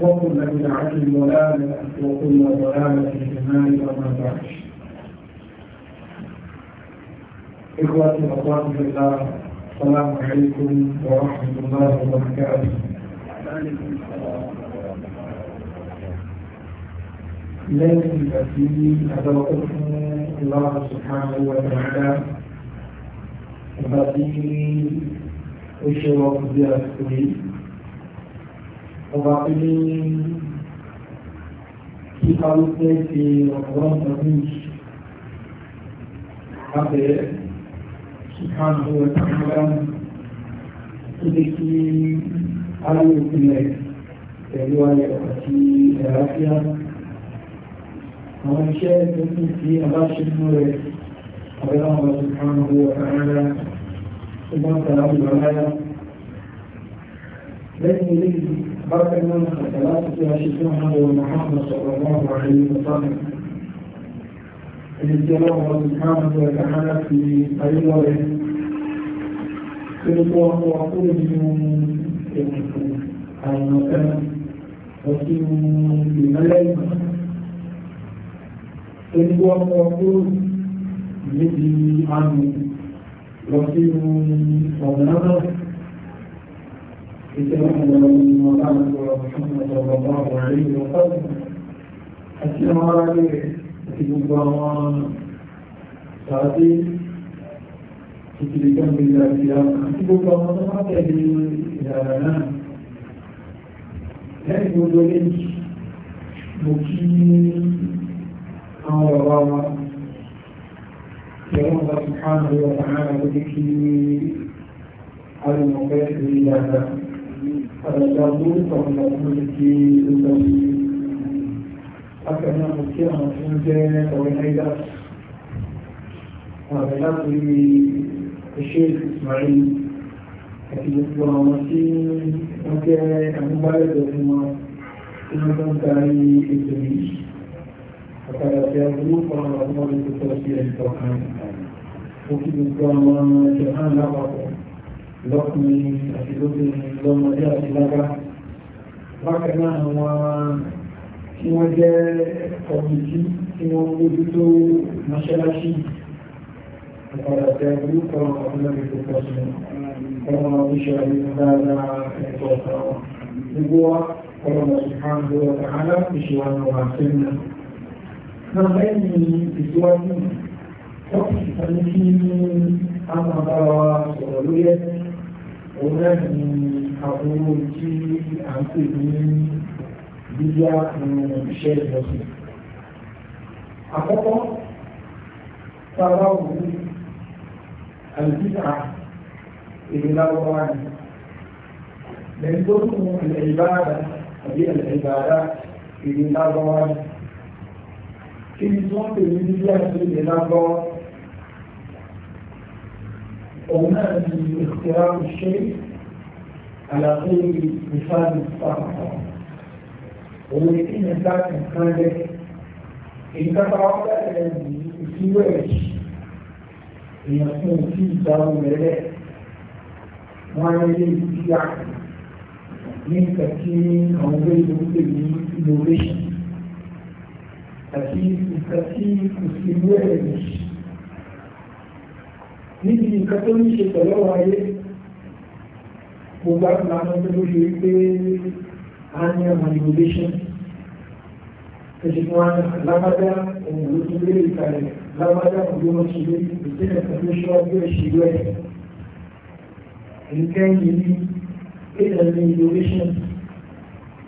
وكل بدعة ضلالة وكل ضلالة في النار وما بعد إخوتي وأخواتي في الله السلام عليكم ورحمة الله وبركاته لكن التي أدركتم الله سبحانه وتعالى التي أشرت بها الكريم ọba pé ní kí kálukú ṣe ọ̀pọ̀lọpọ̀ ọdún yìí lábẹ́ kí kánú ẹ̀ka mọ́dánù tó lè kí aláwọ̀ ìpínlẹ̀ pẹ̀lú ayẹ̀ àti ẹ̀ráfíà àwọn iṣẹ́ tó kí sí aláṣẹ́mú rẹ̀ abẹ́láwọ̀ ọdún kánú ẹ̀ka mọ́dánù tó bá ń tẹ̀lé àwùjọ láyá lẹ́yìn eléyìí بارك الله من ثلاثة أشياء محمد صلى الله عليه وسلم الجلال سبحانه وتعالى في أيضا كنتوا وقول من المكان وكيل بملك كنتوا وقول مثل عن وكيل ومنظر بسم الله الرحمن محمد صلى الله عليه وسلم السلام عليكم gbogbo àwọn sàádé ìtìlẹ̀gbọ́n ilẹ̀ àríyá àti gbogbo àwọn tó máa tẹ̀lé ìyàrá náà lẹ́yìn gbogbo lẹ́yìn mo kí àwọn bàbá wa yẹ̀wọ́n bá ti ká àwọn ọ̀rọ̀ àwọn àwọn tó kí alùmọ̀fẹ́ sí ìyàrá náà àdàdàbò tọ̀nà olùkí olùdarí akẹ́nà mo kí àwọn tó ń jẹ́ ọ̀rẹ́ náírà ààrẹ láti ṣe ìsmarí àti gbogbo àwọn tí wọ́n jẹ́ àmúgbálẹ́dọ̀ fún wọn tí wọ́n tó ń darí ètò yìí àpàdà tí a burú fún àwọn ọmọ ìtòkọ́ sí ẹ̀ńtọ́ kan òkú gbogbo àwọn jọ̀hán lọ́kùnrin àti lóbìnrin lọ́mọdé àti lágbà bákan náà àwọn tí wọ́n jẹ́ kọ̀mìtì tí wọ́n mójú tó mọ́ṣáláṣí ìpadà tẹ orúkọ ọmọdé tó pọ̀ sí ọmọ oṣù àyíkára ẹ̀kọ́ ọ̀sán gbogbo wa ọlọ́mọ ìhàndó ọ̀tà aláàfíṣẹ́ wọn wà sẹ́yìn lẹ́yìn ìsíwájú ọ̀pọ̀ òun náà ni àwọn ohun tí à ń pè ní bíbá iṣẹ́ ìjọsìn. Àkọ́kọ́, tàbá òun àlùbíà èdè lárúbáwá ni. Lẹ́yìn tó kún ìlẹ̀ìbára àbí ìlẹ̀ìbára èdè lárúbáwá ni. Kí ni tí wọ́n pè ní bíbá ìṣẹ́ ìlẹ̀ìbára وما اختراع الشيء على غير مثال الصحابة ولكن الإنسان كان إن تفعل في وجه يكون في ضرورة ما يجب في من تكين أو غير مسلمين innovation أكيد التكين في وجه níbi nǹkan tó ní ṣe pẹ̀lú ọ̀rọ̀ ayé gbogbo àti àwọn tó ló ṣe wípé annual manipulation ẹ̀sìnkú wọn lábájá òun ló ti lé ìkàlẹ̀ lábájá òun ló wọ́n ti lé ìpínlẹ̀ pẹ̀lú ṣọ́ọ́bù ẹ̀ṣìlú ẹ̀ ìkẹyìn ní ilẹ̀ manipulation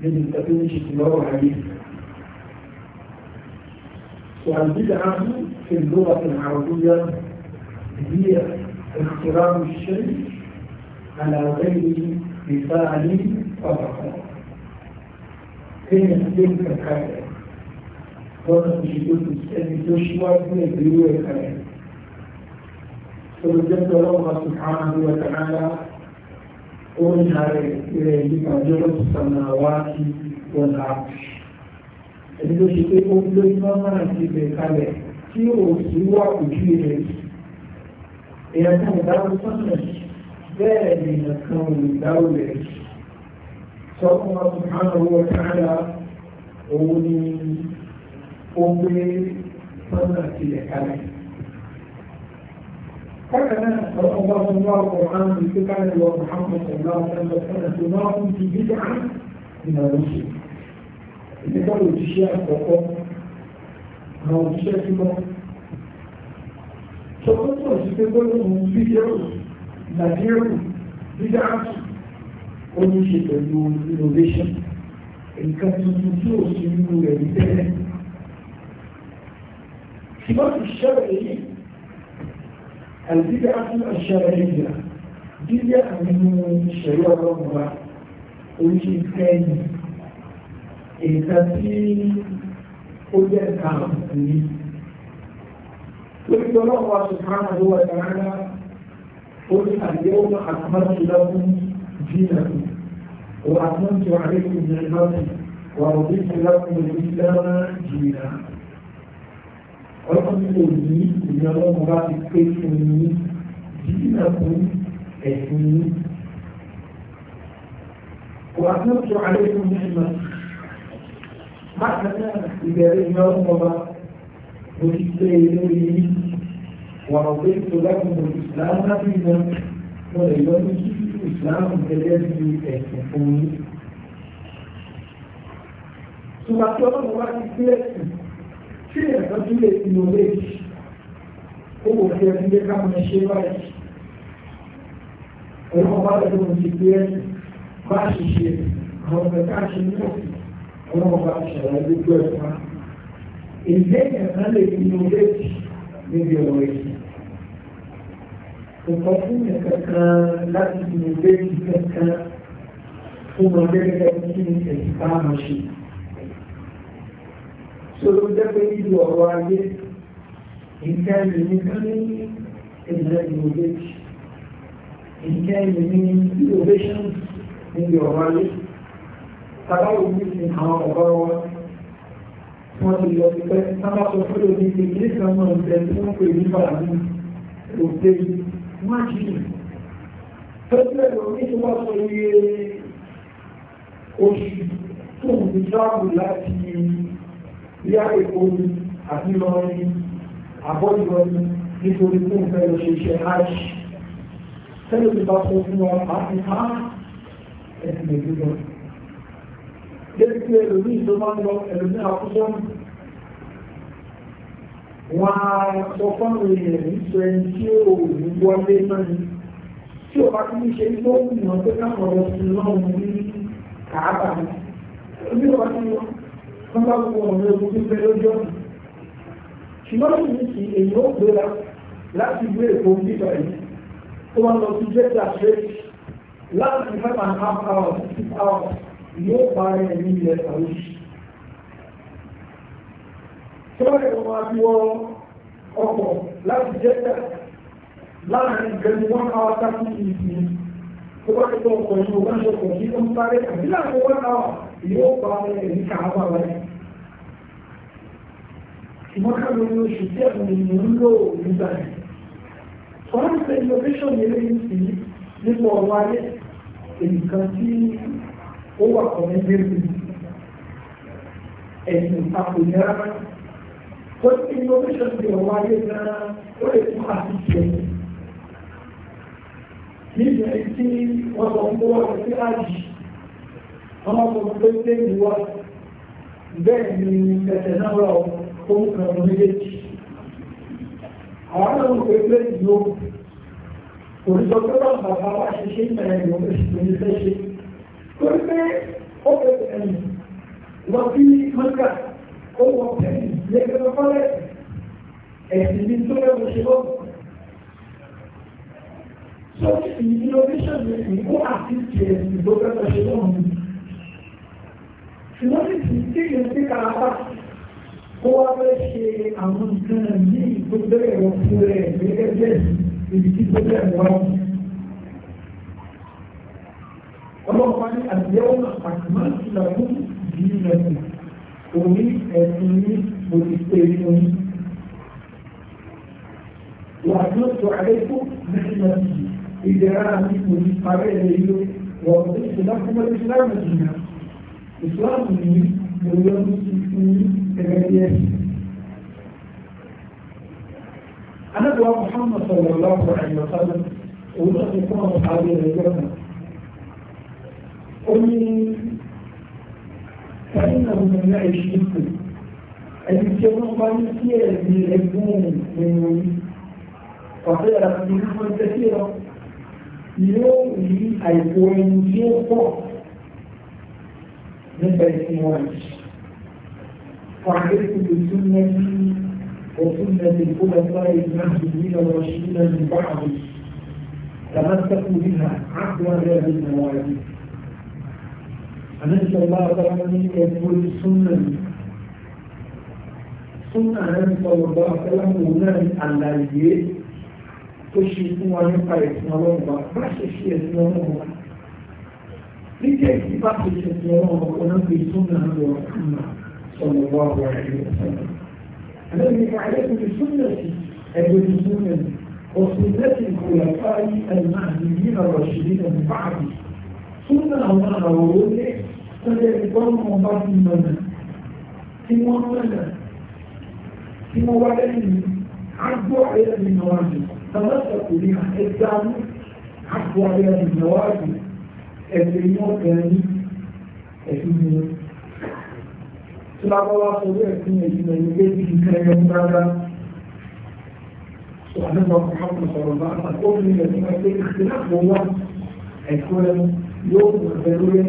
níbi nǹkan tó ní ṣe pẹ̀lú ọ̀rọ̀ ayé وعن بدعة في اللغة العربية هي اخترام الشيء على غيره بفعل فقط كلمة تلك الحاجة وقت شدود السبب تشوى في بيوه الحياة فوجدت الله سبحانه وتعالى أنهى إليه مجرد السماوات والعرش ẹni tó ṣe pé ó ń lórí mọ́mọ́ràn ti èèyàn kan ìdáwó sọ́nà bẹ́ẹ̀ ni èèyàn kan ìdáwó rẹ̀ sọ́kùn wọn fún àwọn owó kára òun ni ó gbé sọ́nà tilẹ̀ kalẹ̀. فكان الله الله القرآن بكتاب ومحمد صلى الله عليه وسلم ما كنت بدعا من الرسل. إذا كانوا تشيع القرآن أو تشيع القرآن sọpọ́tọ̀ òṣìṣẹ́ tó ló mú fídíẹ̀rù nàìjíríà fídíẹ̀rù ó ní ṣe pẹ̀lú innovation nǹkan tuntun tí ó sì ń lu ẹ̀rí tẹ́lẹ̀ ṣùgbọ́n ti ṣẹlẹ̀ yìí àìsíkẹ́ àti àṣẹlẹ̀ ìgbà dídí àmínú ìṣẹ̀lẹ̀ ọlọ́run wa oríṣi kẹ́yìn nǹkan tí ó jẹ́ nǹkan àbùkù yìí لكن الله سبحانه وتعالى قل اليوم أكملت لكم دينكم وأتممت عليكم نعمتي ورضيت لكم الإسلام دينا ọlọ́run ní òní ìyá ọlọ́run bá ti pé fún yín dínà fún ẹ̀sìn yín. wà á tún sọ àlékún ní ìmọ̀. má kàtà ìbẹ̀rẹ̀ ìyá ọlọ́run bá وكتاب إليه ورضيت لكم الإسلام دينا وليوم الإسلام كذلك يتحكمون Sọba tí ọlọ́run wá ti sílẹ̀ sí, tí ẹ̀ka tún lè fi òwe jì, ó wò fẹ́ ilé káwọn ṣe báyìí. Ẹ̀rọ wá lọ́dún ti pé ẹ̀ bá ṣe ṣe àwọn ọ̀gá ṣe ní ọ̀sìn, ọlọ́run bá ṣàlàyé gbogbo ẹ̀fọn ìdí ẹ̀kan lè fi inú méjì níbi ọ̀rọ̀ èyí kò fún mi kankan láti fi inú méjì kankan fún wọn gẹ́gẹ́ bí ẹ̀sìn bá wọn ṣe sọ́dọ̀ jẹ́ pé níbi ọ̀rọ̀ ayé nǹkan ìrìn kan ní ìlẹ̀ ìlú méjì nǹkan ìrìn ní innovations níbi ọ̀rọ̀ ayé tàbá òun ní àwọn ọ̀rọ̀ wọn wọ́n ti lọ pípẹ́ sábàtọ̀ fúlò ní ilé kan náà ń bẹ tí wọ́n pè ní fàánù òde májìlì tẹ́lẹ̀ lọ ní tó bá sọ iye oṣù tó ń fi sáàbù láti yá èkó ni àti lọ ní àbọ̀jọ ni nítorí tó ń fẹ́ ṣe ṣe hajj tẹ́lẹ̀ lọ bá sọ fún wa àti há ẹ̀sìn ìdúgbò débi pé ẹlòmí tó máa ń lọ ẹlòmí àkúsọ́ wọn á sọ fáwọn èèyàn ní sọ ẹni tí ó ní wọlé náà ni tí ò bá tún ní ṣe tó ń mọ̀ pé káwọn ọ̀rọ̀ sí lọ́wọ́ ní kàábà ni omi ò bá tún lọ wọn bá gbogbo ọ̀rọ̀ ẹ̀kú tó fẹ́ lójú ọ̀nà ṣùgbọ́n sì ní sí èyí ó gbéra láti gbé èkó nípa yìí tó wọn lọ sí jẹ́ta ṣe láti five and a half hours six hours yóò parẹ́ ẹ̀mí ilẹ̀ àwòṣì. Tọ́lẹ̀ wọn àti wọ ọkọ̀ láti jẹ́ta láàrin ìgbẹ́ni wọn káwá sáfún ìsìn tó bá ti tọ́ ọkọ̀ yìí wọ́n ṣe ọkọ̀ yìí ń parẹ́ àbí láàrin wọn káwá yóò parẹ́ ẹ̀mí káwá wáyé. innovation yẹn lè ń sí nípa ọ̀rọ̀ ó wà fún ẹgbẹ́ mi ẹ̀sìn àpòyá tó ti ní oníṣẹ́ ti ọ̀wá ayé náà ó lè tún àtúnṣe nígbà tí wọ́n sọ fún wa sí àjì wọ́n máa sọ pé pé ìwà bẹ́ẹ̀ ni ẹ̀sẹ̀ náà rà ó fún ìkànnì méjèèjì àwọn náà ń pé ìlú òṣìṣẹ́ tó bá bàbá wa ṣiṣẹ́ ìmọ̀ ẹ̀yọ́ oṣù tó ní fẹ́ ṣe torí pé ó fẹsẹ̀ ẹ̀yìn lọ sí mọ́tíkà ó wọ ẹ̀yìn lẹ́gbẹ̀ẹ́ fọ́lẹ̀ ẹ̀sìn ní tó yẹ kó ṣe lọ́wọ́. sọ ti innovation ní ìkó àti tiẹ̀ ìgbókẹ́ tó ṣe lọ́wọ́ mi. ṣùgbọ́n ní ti tí yẹn ti kára bá kó wá fẹ́ ṣe àwọn nǹkan ní ìgbókẹ́ ẹ̀rọ fún rẹ̀ gẹ́gẹ́ bẹ́ẹ̀ ibi tí gbókẹ́ ẹ̀rọ wọn. ọlọ́run bá ní àdéhùn àkàmọ́sí làwọn ìdílé lẹ́kùn orí ẹ̀sìn ní òṣìṣẹ́ inú wàhálà tó àlékún nígbà tí ìdẹ̀rà àti òní parẹ́ ilé ìlú wọ́n ti ṣe lákúmọ́ ìsìláàmù jìnnà ìsìláàmù ní òyìnbó ti fún ẹgbẹ́ díẹ̀. Anábìwá Mùhàmmad sọ̀rọ̀ lọ́wọ́ àyọ̀sálẹ̀ òun náà ti fún ọmọ àgbẹ̀ rẹ̀ yọ̀nà. قل فإنه من يعيش منكم الكريم قال كثير من العلمون من وخير منهم كثيرا يومي أيقون يوقف من بيت وعليكم بسنة وسنة الخلفاء المهديين الراشدين من بعد تمسكوا بها عقلا لا بالمواعيد النبي صلى الله عليه وسلم يقول السنة السنة النبي صلى الله عليه وسلم هنا من الله تشي سنوان يقع يسنوان با باش يشي يسنوان لكي يكي باش يشي يسنوان با ونبي صلى الله عليه وسلم الذي يقع يسنوان بسنة أجل سنوان وسنة الخلفاء المهديين الرشدين من بعده سنة الله عليه sọ́jọ́ ìgbọ́nù ọba ti mọ̀nà tí wọ́n mọ̀nà tí wọ́n wá lẹ́yìn agbó ayẹ́lẹ́bí nọ́wájú tọ́lọ́sọ̀ kò ní ẹgbẹ́ amú agbó ayẹ́lẹ́bí nọ́wájú ẹ̀sẹ̀ ní ọ̀kẹ́rin ní ẹ̀sìn ní tí wọ́n bá wá sọ́jọ́ ẹ̀sìn ẹ̀sìn ẹ̀yìn méjì nǹkan ẹ̀yọ dáadáa وأنه محمد صلى الله عليه وسلم أقول لك أن اختلاف هو يكون يوم ضروري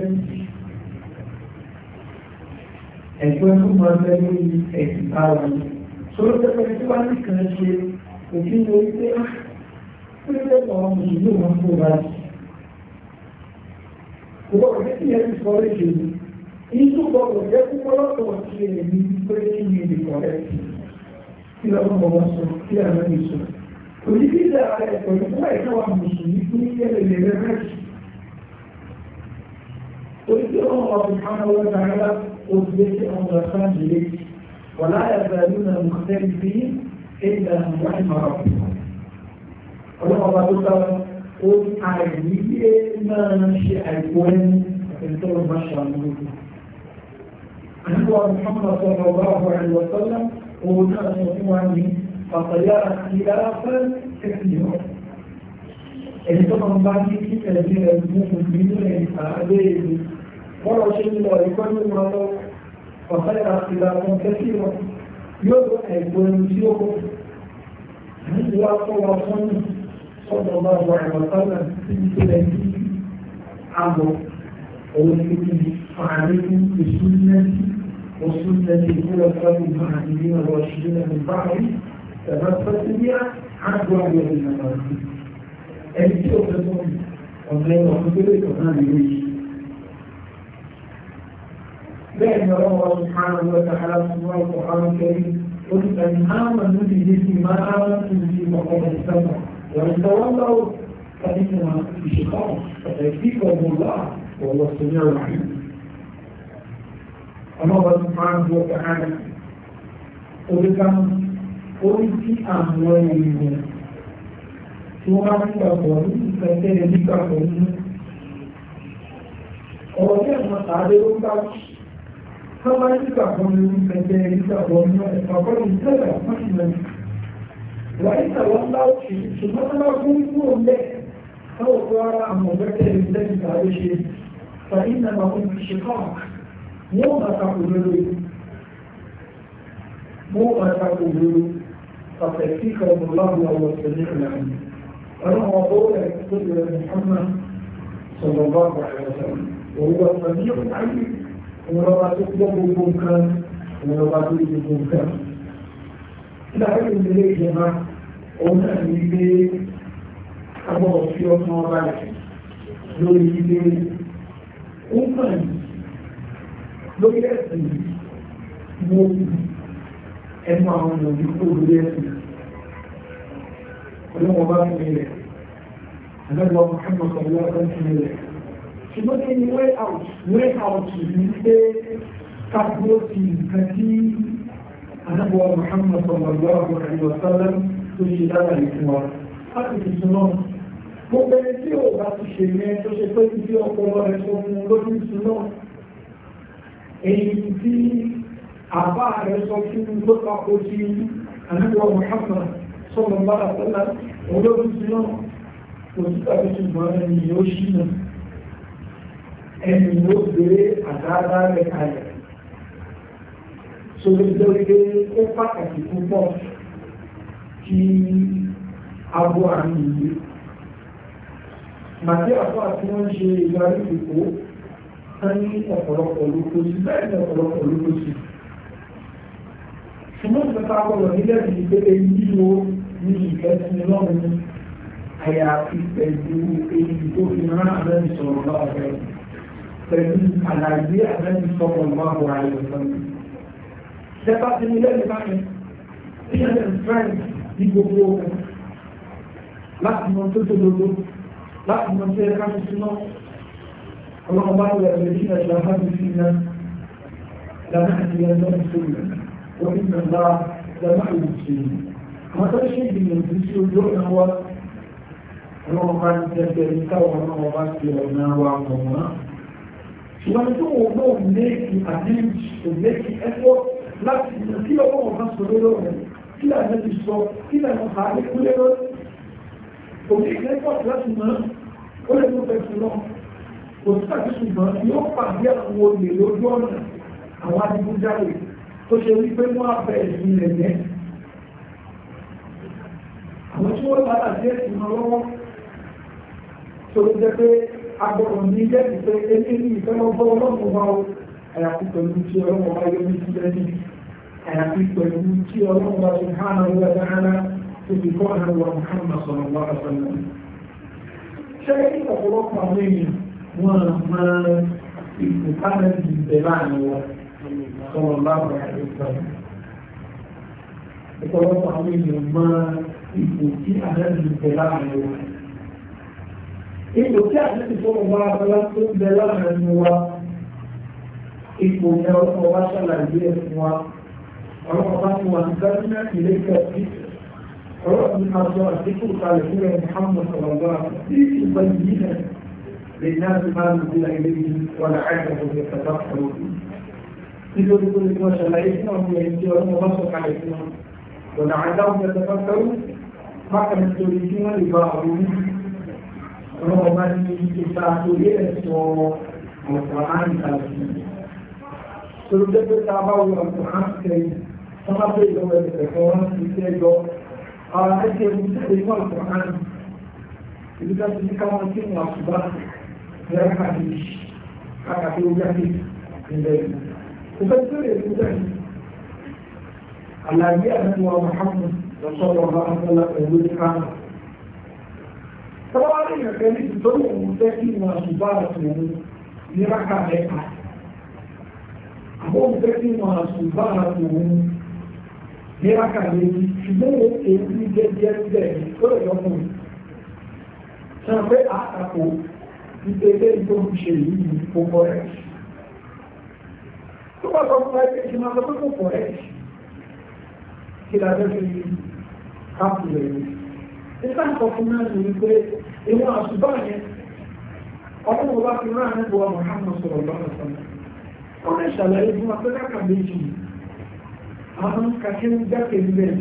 ẹ̀gbọ́n tó máa ń bẹ́ ẹ̀sìn bá wa ní. sọ̀rọ̀ tẹ́tẹ́ tí wàá nìkan ṣe òfin ah, ló ń pé pínlẹ̀ ọ̀rọ̀ mùsùlùmí wọn tó bá ti. kò gbọ́dọ̀ jẹ́ kí ẹni sọ ọ́ ṣe ni inú gbọ́dọ̀ jẹ́ kó gbọ́dọ̀ ṣe èmi pé kí ni èdè kọ̀ọ̀rẹ́ ti. kí lọ́wọ́ mọ̀ wọ́n sọ kí àná mi sọ. òdìdíjà rẹ̀ pẹ̀lú fún ẹ̀ka wa fún yẹ́lẹ̀ lẹ́rẹ́ rẹ̀. orí tí wọ́n mọ̀ ọ́ قد يتئهم رفان جليك ولا يزالون المختلفين إلا هم رحم ربهم الله قد عليك ما نمشي أكوان أنتم مشى أنا أنه محمد صلى الله عليه وسلم وهنا نصيب عني فطيارة خلافا تكتبه أنتم من بعد كيف يجب أن يكون مؤمنون إلى أعدائه bọ́lá ṣe ń lọ ẹ̀kọ́ ní wọn lọ ọ̀fẹ́ àtìlá kan kẹ́sì wọn yóò lọ ẹ̀gbọ́n tí ó kọ́ níbi wá fọ́ wa fún mi sọ́dọ̀ bá wà àbàtàlà síbi tó lẹ́ sí àbọ̀ òun ti di fàánì fún ìsúnmẹ́sì وسنة الخلفاء المهديين الراشدين من بعد تمثلت بها عبد الله بن مسعود. أنت تؤمن أن لا يؤمن بالإيمان بأن الله سبحانه وتعالى في القرآن الكريم قل أن آمنوا بمثل ما آمنتم به فقد اهتدوا وإن تولوا فإنما في شقاق فسيكفيكم الله والله سميع عليم الله سبحانه وتعالى قل كم قل في أموالهم ثم تكفروا فتنبكهم ọ̀rọ̀ ní àwọn àdéhùn bá فضلك كل مجالك ومن فقد ابتدى محمد وإن والله ثم تكون كون لك سوف يرى مذكر ذلك على شيء فإنما هم في شقاق يوم تقبلون يوم تقبلون فتكفيكم الله وهو السميع العليم أنا أقول لك محمد صلى الله عليه وسلم وهو السميع العليم ìrọba tó gbọ́ gbogbo nǹkan ìrọba tó gbogbo nǹkan. Láàárín ìdílé ìjọba, òun náà ní ilé agbọ́dọ̀ fi ọmọ ọba rẹ̀ lórí ilé ó kàn yìí lórí ẹ̀sìn mú ẹnu àwọn òbí kó lórí ẹ̀sìn. Olúmọ̀ bá fi rẹ̀, àlọ́ lọ Mùhàmmad sọ̀rọ̀ lọ́wọ́ fi rẹ̀ ṣùgbọ́n kí ni way out way out ní pé kápúrò ti nǹkan tí anábọ̀wá Muhammad sallallahu alaihi wa sallam tó ṣe dára ìfún wa láti fi súná gbogbo ẹni tí ò bá ti ṣe yẹn tó ṣe pé tí ọpọlọ rẹ tó mú lójú súná èyí tí àbá rẹ sọ fún ló papò sí anábọ̀wá Muhammad sallallahu alaihi wa sallam olóòtú náà òtítà tó ṣùgbọ́n ẹni yóò ṣí náà ẹni ló gbé àdáadá rẹ̀ kalẹ̀. Sọlá jẹ́ wípé ó pàtàkì púpọ̀ kí abo àmì yìí. Màtí àpá àti wọ́n ṣe ìdarí ìkó tán ní ọ̀pọ̀lọpọ̀ lóko sí bẹ́ẹ̀ ní ọ̀pọ̀lọpọ̀ lóko sí. Ṣùgbọ́n ìgbàta gbọ́dọ̀ nílẹ̀ yìí pé èyí yíwo ní ìfẹ́ sí lọ́rùn àyàfi pẹ̀lú èyí tó fi rán àlẹ́ ìsọ̀rọ̀ láàrẹ̀ yìí pẹ̀lú àlàyé àbẹ́ni sọ̀rọ̀ máa wọ àyè sọ́nà. Ṣẹ́fà ti ní lẹ́yìn bá mi, ṣíṣẹ́ ní Frank ní gbogbo ọkọ̀ láti mọ tó tó lọ́dọ́, láti mọ tó ẹ̀ka tó súná. Ọlọ́run bá wọ ẹ̀rọ ìṣẹ́ ẹ̀ṣẹ̀ bá mi sí iná. Ìdáná àti ẹ̀rọ ìṣòro wọ́n Àwọn tó ṣe ìgbìyànjú sí ojú wa, ọlọ́run bá ń tẹ́tẹ́ ní káwọn ọlọ́run bá ti ọ̀nà wa mọ̀ wọ́n ṣùgbọ́n tí wọ́n náà méjì àdéhùn kò méjì ẹ̀fọ́ láti kí ọkọ̀ wọn bá sọ lórí rẹ̀ kí làwọn ti sọ kí làwọn bá lè kú lérò òkè ẹ̀fọ́ láti mọ́ ó lè tó fẹ́ fún lọ kò sí àti ṣùgbọ́n yóò pàdé àwọn olè lójú ọ̀nà àwọn adigunjalè tó ṣe wípé wọ́n á bẹ̀ ẹ̀sìn rẹ̀ yẹn àwọn tí wọ́n bá àdéhùn lọ́wọ́ agbọ́dọ̀ ní ilé ìfẹ́ eléyìí ìfẹ́ lọ́gbọ́ ọlọ́run wa o àyàfi pẹ̀lú tí ọlọ́run wa yọ ní sílẹ̀ ní àyàfi pẹ̀lú tí ọlọ́run wa ṣe hàn án wọ́n dáhàná tó fi kọ́ hàn wọ́n Muhammad sọ̀rọ̀ wọ́n àtọ́nà. ṣé ọ̀pọ̀lọpọ̀ àwọn èèyàn wọn máa ipò kánẹ̀ ti bẹ̀ láàrin wọn sọ̀rọ̀ láàrin àyẹ̀kọ́ ọ̀pọ̀lọpọ̀ àwọn èèyàn máa ipò kí àdẹ́rù bẹ̀ láàrin wọn ipò tí àtúntì tó ń bá abala tó ń bẹ láàrin wa ipò ní ọkọ̀ wa ṣàlàyé ẹ̀ fún wa ọlọ́run bá ti wà ní gómìnà ilé kẹ̀kí ọlọ́run ní aṣọ àdínkù kalẹ̀ fún ẹ̀ Muhammad sọ̀rọ̀lá tí ìgbà yìí nà lè ní àti máa ń gbé ilé yìí wà láàrin ọ̀gbìn kàtà ọ̀rọ̀ nítorí pé ìgbà ṣàlàyé fún àwọn ẹni tí ọlọ́run bá sọ kalẹ̀ fún wa wọ̀nà àdáwọn ẹ̀dẹ̀fẹ́ fẹ́rù má kàn nítorí kí wọ́n lè bá àwọn oníṣẹ́ ọlọ́wọ́ bá ní ipa torí ẹ̀ sọ ọ̀pọ̀ àǹtàkì torí pé ta bá wọ ọ̀pọ̀ àǹtàkì wọ́n bá bẹ̀rẹ̀ lọ́wọ́ ẹ̀kọ́ wọn ti tẹ́ lọ ara ẹ̀kẹ́ ẹ̀kú tẹ́ lè fọ́ ọ̀pọ̀ àǹtàkì ìlú ká ti ní káwọn tí wọn àṣùbá ẹ̀rọ kàdé kàkàtí ó jáde nílẹ̀ ìfẹ́ tó lè àti wọn Muhammad Trabalhem na grande todo mundo, até que nós vivamos mesmo, e na cabeça. Amor, até que nós vivamos mesmo, e na cabeça, se não eu, eu, me dê, dê, dê, todo eu não Sempre atacou, e teve em torno de cheirinho, com coragem. Tu passou por lá e pensei, mas eu tô com coragem. Que dá pra ver, rápido aí. Ele está falando isso, ìwọ̀n àṣùbá yẹn ọdún wo bá fi rán àníbò wa Muhammad sọ̀rọ̀ lọ́nà sọ́nà ó lè ṣàlàyé fún wa pé káka méjì àwọn kàkí ń jáde níbẹ̀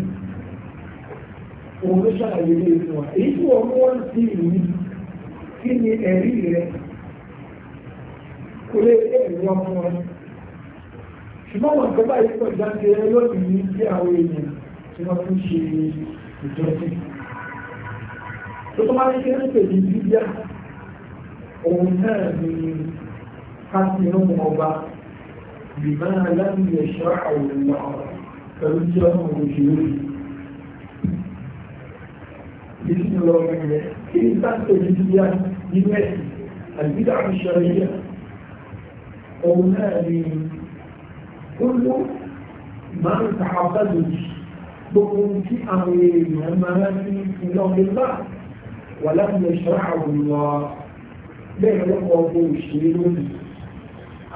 òun ló ṣàlàyé lé fún wa èyí tí wọ́n sí ìlú kí ni ẹ̀rí rẹ kò lè ẹ̀rí wọn fún wa ṣùgbọ́n wọn pọ̀ jáde ní àwọn èèyàn tí wọ́n tún ṣe tó tó máa ń ṣe é pèlú bíbíà òun náà ni káàkiri ọmọ ọba bìbá aláàbíyẹ ṣọ́ àwòrán náà pẹ̀lú tí ọmọ òṣèlú بسم الله الرحمن الرحيم الإنسان تجديا للناس البدع الشرعية قولها كل ما تعبدت بقوم في أمرين وما في الله ولم يشرعه الله ليه يقوم بشيرون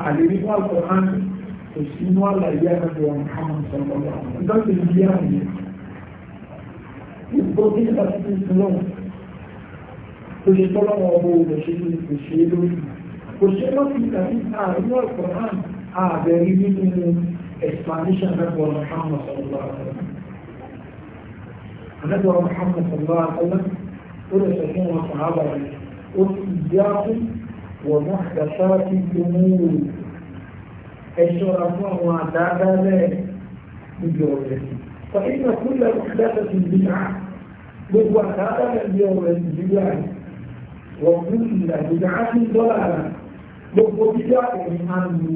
علي رفع القرآن تسينوا الأيام يا محمد صلى الله عليه وسلم ذات الزيان يبقضي بسيط السلام تشتغل أبو بشيرون بشيرون وشيرون في كثير نعلم القرآن أعبري منهم إسبانيشا نبوة محمد صلى الله عليه وسلم نبوة محمد صلى الله عليه وسلم ó lè sọ fún wọn sàábà rẹ̀ ó ti ìyá fún wọ̀n náà dàtà ti gbóná wò ẹ ṣọ́ra fún àwọn àdáadáa lẹ́ẹ̀ níbi ọ̀rẹ́ fa iná kúlẹ̀ ìdájọ́ ti bí náà gbogbo àdáadáa lẹ́ẹ̀ níbi ọ̀rẹ́ nàìjíríà wọ̀n fún ìlàjìjà á ti dọ́là rà gbogbo bíbá òun á lù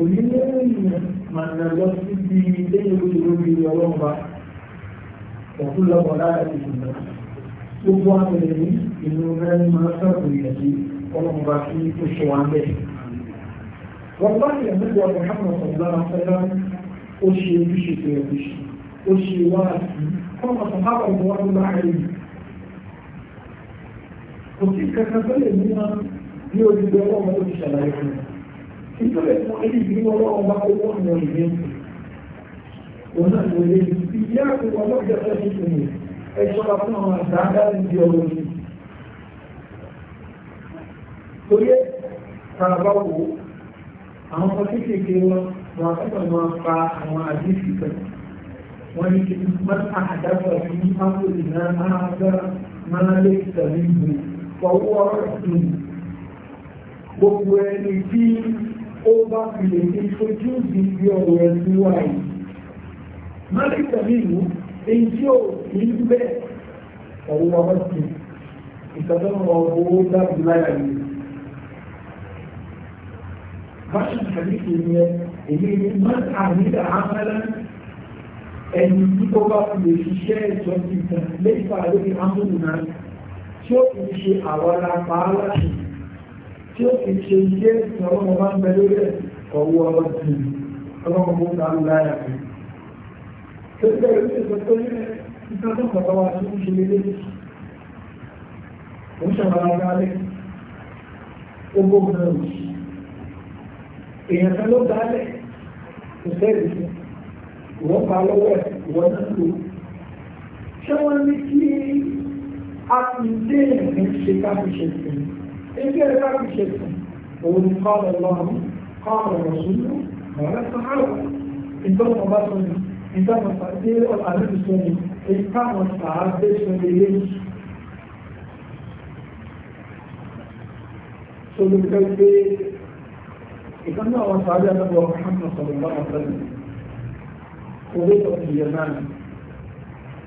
ú onílẹ̀rẹ̀ ìyẹn máa nà lọ síbi ilé ìwé ìròyìn ọlọ́mọba ọ̀tún lọ́wọ́ lára ìṣúná gbogbo àwọn ẹ̀rí ìlú rẹ̀ máa sọ̀rọ̀ ìyẹ̀dí ọlọ́mọba kí ó ṣe wá bẹ́ẹ̀. wọ́n bá ní ẹ̀mẹ́jọ ọ̀pọ̀ ọ̀gbọ́n afẹ́lá ó ṣe ojúṣe tó ẹ̀rí ṣe ó ṣe wá sí kọ́mọ sọ̀hábà ìwọ́n wọn bá rí i. kò sí kankan tó lè ní wọn ní olùgbé ọlọ́mọ tó ti ṣàlàyé fún un. ìtọ́lẹ̀ fún ẹni ìbí ọlọ́mọba owó ọ̀nà ìgbẹ́ òun náà ló lé ìyá àti ọlọ́gbẹ̀ẹ́ ẹ ṣọ́ra fún àwọn àdáńdá níbi ọ̀rọ̀ yìí torí ẹ̀ tààrà bá wò ó àwọn ọmọ kéékèèké wọn wọn àkọ́kọ́ ni wọ́n pa àwọn àdéhùn pẹ̀lú wọ́n ní kí wọ́n àdáfà fún ápòlì náà máa gbá máa lè tẹ̀lé ìlú fọwọ́ ọ̀dùn gbogbo ẹni tí ó bá fi lè ní fojú ìdí ọ̀rọ̀ ẹni wáyé má lè tẹ̀lé ìlú èyí tí ò ní bẹ́ẹ̀ ọ̀wọ́ wa wọ́n ti ìtọ́jú ọmọ owó dábì láyà yìí. Báṣà Kàlífì ni ẹ èyí ni máa ń àmìlà àmàlà ẹni tí ó bá fi lè ṣiṣẹ́ ìjọ ti tàn lẹ́yìnfà lórí amúnà tí ó fi ṣe àwọ̀lá pàálàṣì tí ó fi ṣe iṣẹ́ ìtàn ọmọ ń bẹ lórí ọ̀wọ́ ọlọ́dún ọlọ́mọ bó ta láyà yìí torí bẹ́ẹ̀ ló ń sọ pé nígbà tó kọ̀ọ̀kan wá sí ṣe lé lé ó ṣàwọn ará rẹ̀ ó gbógun náà rò sí èèyàn kan ló dálẹ̀ kò sẹ́ẹ̀lì fún ìwọ́n pa lọ́wọ́ ẹ̀ ìwọ́n náà lò ṣé wọ́n ní kí a ti dé ẹ̀mí ṣe ká fi ṣe sùn ìjọba pàdé àlejò sọ́ni èyí káwọn sàádé ele está sọ́dọ̀ pé pé ìkan náà que ele àlejò ọ̀hánà sọ̀rọ̀ bá wọn sọ́ni òwe tó ti yẹ náà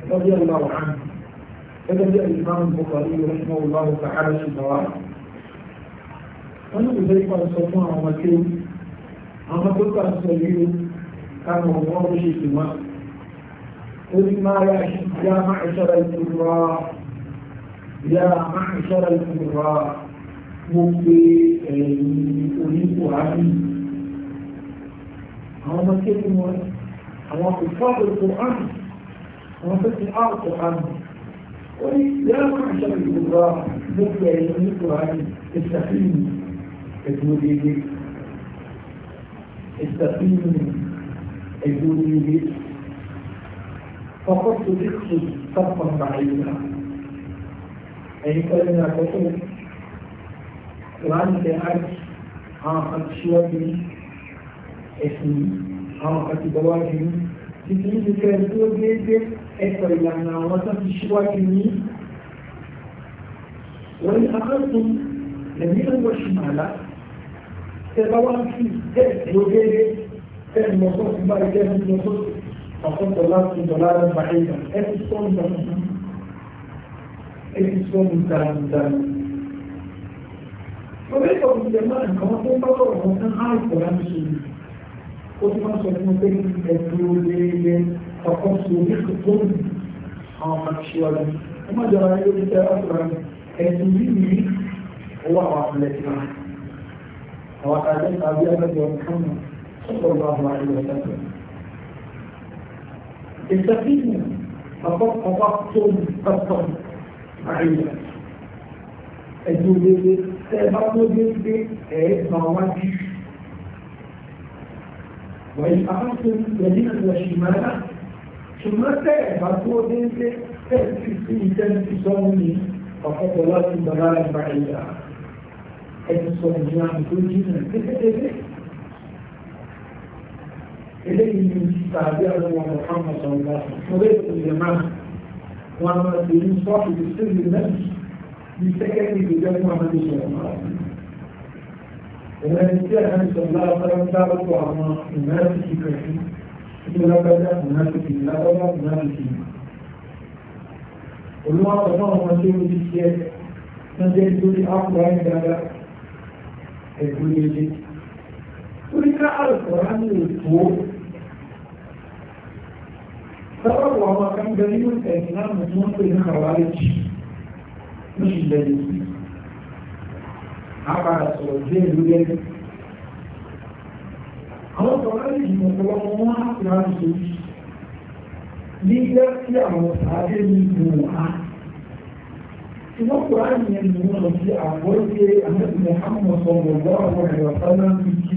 lọ́dí ọ̀la ọ̀hánà gẹ́gẹ́ bí ìmáà ń bọ̀ pàdé ìrọ̀lẹ́ náà wọ́n bá wọn sàádé sọ̀rọ̀ wá. wọ́n ní ìgbésẹ̀ ìpàdé sọ fún àwọn ọmọ kéwù àwọn tó kà sọ yìí كانوا هم شيئا قل ما يا معشر الكبراء يا معشر الكبراء مبدي آه، أريد عني هو ما كلمة هو كفار القرآن هو كفار القرآن قل يا معشر الكبراء مبدي أريد عني استقيموا تقولي لي استقيموا يجوني به فقد صدقت صدقا بعيدا أي كلمة تقول وأنت أنت عاقد شوبي اسمي عاقد بواجبي títí ní kẹ́ tó déédé ẹ̀kọ́ ìlànà àwọn tó ti ṣíwájú ní wọ́n ní akẹ́kọ̀ọ́ lẹ́yìn ọgbọ̀n ṣùgbọ́n àlá tẹ́ bá wá ẹni mọ̀ tó ti báyìí kẹ́ ẹni mọ̀ tó ti àkókò láti dọ̀lá rẹ̀ báyìí náà ẹni sọ ní ọdún ẹni sọ ní dáadáa. Lórí ìtọ́ ti jẹ máa nǹkan tó ń bọ́kọ̀ wọn tán á ìkọ̀ láti ṣe ni. Ó ti máa sọ fún pé ẹ̀dùn olóore ọ̀kan sí orí tó ń àwọn ọmọ ìṣíwájú. Ó má jọra ẹgbẹ́ ti tẹ́ ọ̀sán ẹ̀dùn yìí ní owó àwọn àpilẹ̀ ti máa. Àwọn àtàlẹ́ àbí àgbẹ̀dẹ̀ ọ̀kan náà sallallahu alaihi wa sallam. استفيدنا فقط فقط فقط àríyá ẹ̀dùn gbogbo tẹ́ bá tó dé pé ẹ̀ẹ́gbà wájú wọ̀nyí àpapọ̀ ìgbẹ̀lẹ́ ìgbà ṣùgbọ́nà ṣùgbọ́n tẹ́ ẹ̀bà tó dé pé tẹ́ ti sí ìtẹ́ ti sọ́mù ní ọ̀pọ̀pọ̀ láti bàbá ẹ̀bà ẹ̀yà ẹ̀dùn sọ̀rọ̀ ìjìnà tó jìnà tẹ́tẹ́tẹ́tẹ́ eléyìí tàbí àwọn ọmọ Muhammad sọ̀rọ̀ lórí ìpìlẹ̀ náà wọn a máa tèmi sọ́ọ̀tù tó sí ìlú náà ní sẹ́kẹ́ndì tó jẹ́ fún àwọn ìṣẹ̀lẹ̀ náà. Ìrẹ́ tí a ń sọ lára fẹ́rẹ́ ń dárúkọ àwọn ìmẹ́rẹ́ ti kẹ̀ sí ní lágbájá ìmẹ́rẹ́ ti lágbájá ìmẹ́rẹ́ ti. Olúwa sọ fún àwọn tí ó ti ṣe ẹgbẹ́ lórí ápùlá ìdára ẹ̀gbọ́n ilé. Oríkà àlùkò rán ní ètò sábàbù àwọn akẹ́kọ̀ọ́ nínú ẹ̀sìn náà mú wọ́n pè ní kàwáríjì ní ilẹ̀ yìí apá sọ̀rọ̀ díẹ̀ lórí ẹni àwọn kàwáríjì mọ̀ pọ̀lọpọ̀ wọn á fi hàn sórí nígbà tí àwọn sàádé ní ìlú wa tí wọ́n kọ́ àmì ẹni wọn lọ sí àgbọ́yé àmẹ́sìn Muhammad sọ̀rọ̀ lọ́wọ́ àwọn ẹ̀rọ sálá ń fi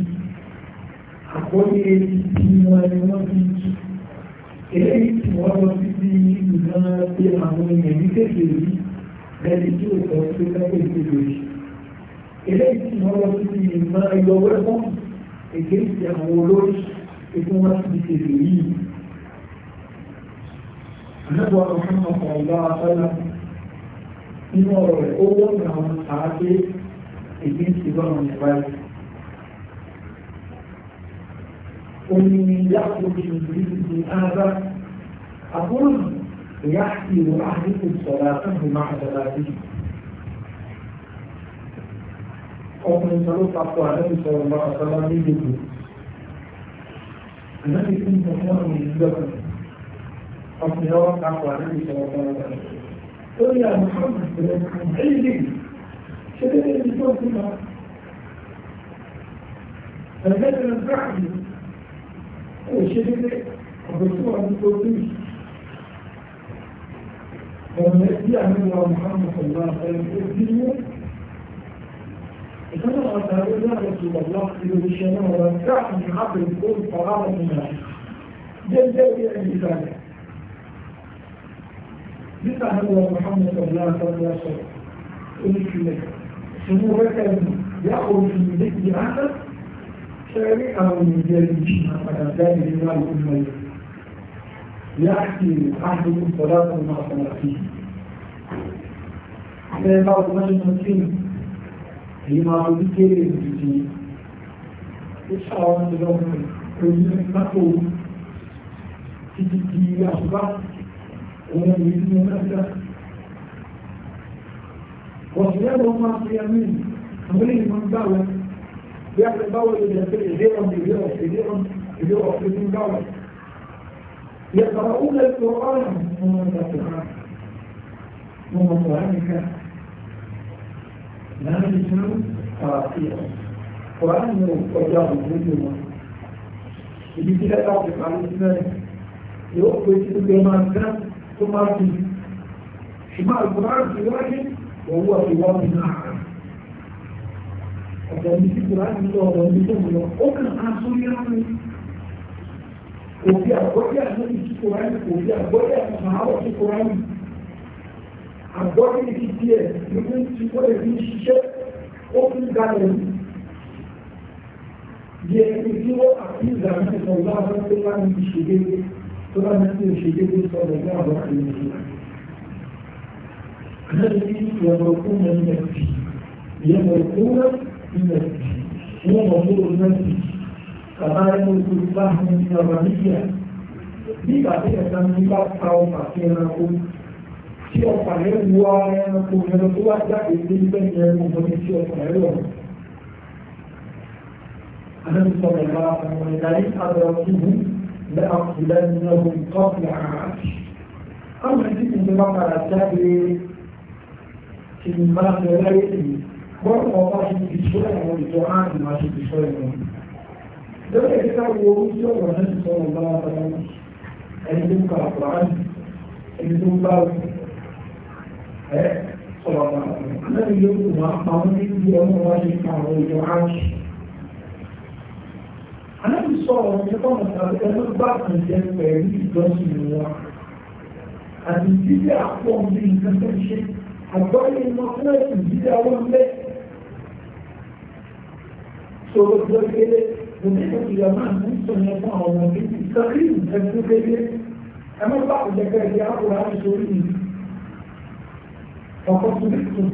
àgbọ́yé ti wọn ni wọ́n fi kí eléyìí tí wọ́n lọ sí bí nǹkan pé àwọn èèyàn ní kékeré yìí lẹ́yìn tí ó sọ pé káyọ̀ kékeré yìí eléyìí tí wọ́n lọ sí bí nǹkan ẹyọ wẹ́fọ́n èké ti àwọn olórí ètò wọn ti kékeré yìí. Àlẹ́bọ̀ Muhammad ọ̀gá Abẹ́lá nínú ọ̀rọ̀ rẹ̀ ó wọ́n ní àwọn àáké èké ti bá ní báyìí. ومن يخرج من جلد هذا أقول يحكي أحدكم صلاته مع ثلاثه ومن صلوك أقوى النبي صلى الله عليه وسلم يجب النبي كنت أمر من جلدكم ومن يوم أقوى النبي صلى الله عليه وسلم قل يا محمد بن عبد الحليم شكرا لك ṣe dédé ọ̀pẹ̀ tí wọ́n ní tó tó ọ̀nà tí a nílò Muhammad ọ̀lá ẹni tó bí mú ìtọ́nà àtàrí láàrín tí wọ́n lọ sí oríṣẹ́ náà wọ́n káàkiri àbẹ̀ tó ń fara wọn ní ìlànà jẹ́jẹ́ bí ẹni ìlànà nígbà nílò Muhammad ọ̀lá ẹni tó ń sọ̀rọ̀ oníṣẹ́ sunu rẹ̀ kẹ́lú yá òfin ní ìlànà ṣẹ́rí àwọn ìjẹ́ ìjì àpàdà jáde nínú àlùmọ̀ yìí yáàkì àdúgbò sọ́dá tó máa sọ̀rọ̀ sí ṣe bá ọgbọ́n nínú sí èyí máa ń kéré ìdíje ó ṣàwọn ìlọ́gbọ̀n orí mẹ́kọ̀ọ́ títí di àṣùbá òun ìlú ní ọjọ́ wọ̀sùn yẹ́wọ̀n máa fi àwọn èèyàn gbà wọn بيعمل دورة إليهم إليهم إليهم إليهم إليهم دورة يقرؤون القرآن هم القرآن هم القرآن لا يجنون قراطيرا قرآن وجاه الظلم ibi tí lẹ́tà ti parí sí mẹ́rin yóò pé tí ó gbé máa ń tẹ́ tó máa ń bí ṣùgbọ́n àgbọ̀nrán ti wáyé òun àti wọ́n ti náà ọ̀dọ̀ ní títí láti lọ ọ̀dọ̀ ní tó lọ ó kàn án sórí ẹ̀rọ òbí àgbọ́dé àgbọ́dé tí kò ráyè òbí àgbọ́dé àgbàáwọ̀ tí kò ráyè àgbọ́dé ti díẹ̀ nígbà tí kò lè fi ṣiṣẹ́ ó fi ga lẹ̀ yẹ ẹni tí wọ́n àti ìlànà ìsọ̀rọ̀ láwọn tó bá ní ìṣèdédé tó bá ní ìṣèdédé sọ̀rọ̀ ní àwọn àìyàn الذي يمرقون من يمرقون ilẹ̀ wọ́n mọ̀ mú orí mẹ́sì bàbá ẹni oṣù bá ní ọ̀rọ̀ nígbà bí bàbá ẹ̀ka ní bá pa ọmọ sí ẹranko tí ọ̀pá rẹ̀ wọ ẹranko ẹranko tó wá jáde dé ibẹ̀ ní ẹranko mọ́ ní tí ọ̀pá rẹ̀ wọ̀. Adébí sọ bàbá ọmọ ìdarí àbẹ̀ ọtí mú lẹ́ àkùlẹ̀ ní ọdún kọ́ọ̀pù àràkì. Àwọn ìdí ìjọba padà jáde kì í máa fẹ́ rẹ́ bọ́ọ̀lù ọba ṣe ti sọ ẹ̀wọ̀n ìjọ áàdì máa ṣe ti sọ ẹ̀wọ̀n lórí ẹ̀ka wo orí tí ọ̀rọ̀ náà ti sọ ọ̀rọ̀ bá wọn ẹni tó ń ka àpò áàdì ẹni tó ń bá wọn ẹ sọ̀rọ̀ bá wọn lẹ́yìn ló kù máa pa wọn ní ibi ọmọ wa ṣe ka àwọn ìjọ áàdì. aláàbí sọ̀rọ̀ ní ọmọ tàbí ẹni bá kàn jẹ pẹ̀lú ìjọsìn wọn àti ìdílé àpọ̀ bí nǹkan ṣe àgbọ́yé mọ́ fúnẹ̀sì ìdílé àwọn mẹ́ta tó o jọ kéré nígbà tó yà máa ń sọ yẹn fún àwọn ọmọ mi sọ́kì ẹ̀sùn kéré ẹ má bá òjẹ̀kẹ́ ẹ̀dí àbúrò àti sórí yìí ọkọ̀ tó ní tún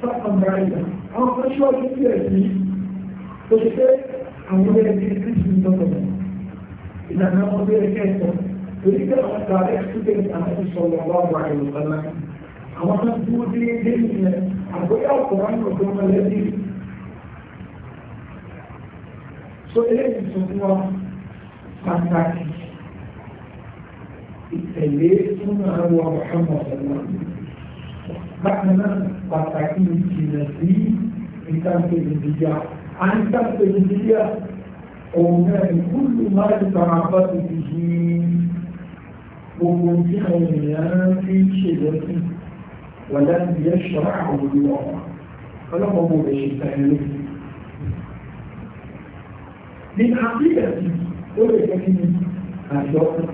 sọ́kàn bá yà àwọn kan ṣọ́ọ̀tún sí ẹ̀sìn yìí tó ṣe pé àwọn ọmọ ẹ̀dí kìrìsì ń tọ́tọ̀ ìlànà ọmọ ẹ̀kẹ́ ẹ̀tọ́ torí pé àwọn tààrí ẹ̀sùn àti sọ̀rọ̀ ọlọ́run àìlùkọ́lá àwọn kan dúró dé dé ìlẹ̀ àgbéyàwó tó eléyìí tó fún wa pàtàkì ìtẹ̀lé fún àwọn ọ̀hánmọ̀ ọ̀nà bákan náà pàtàkì ìjìnlẹ̀ sí ìtàkùn ìdíjà à ń tàkùn ìdíjà òun náà ìkúlù máa ń tọrọ àbọ̀tò ìdíjì gbogbo tí àwọn ènìyàn fi ń ṣèlọ́sìn wọ̀lá ìyẹn ṣọ́ra àwọn olùwọ̀n ọlọ́mọ gbogbo ìṣẹ̀tàn ẹlẹ́sìn. ní àbíkẹ̀sì ó lè jẹ́ kí ni àjọkùn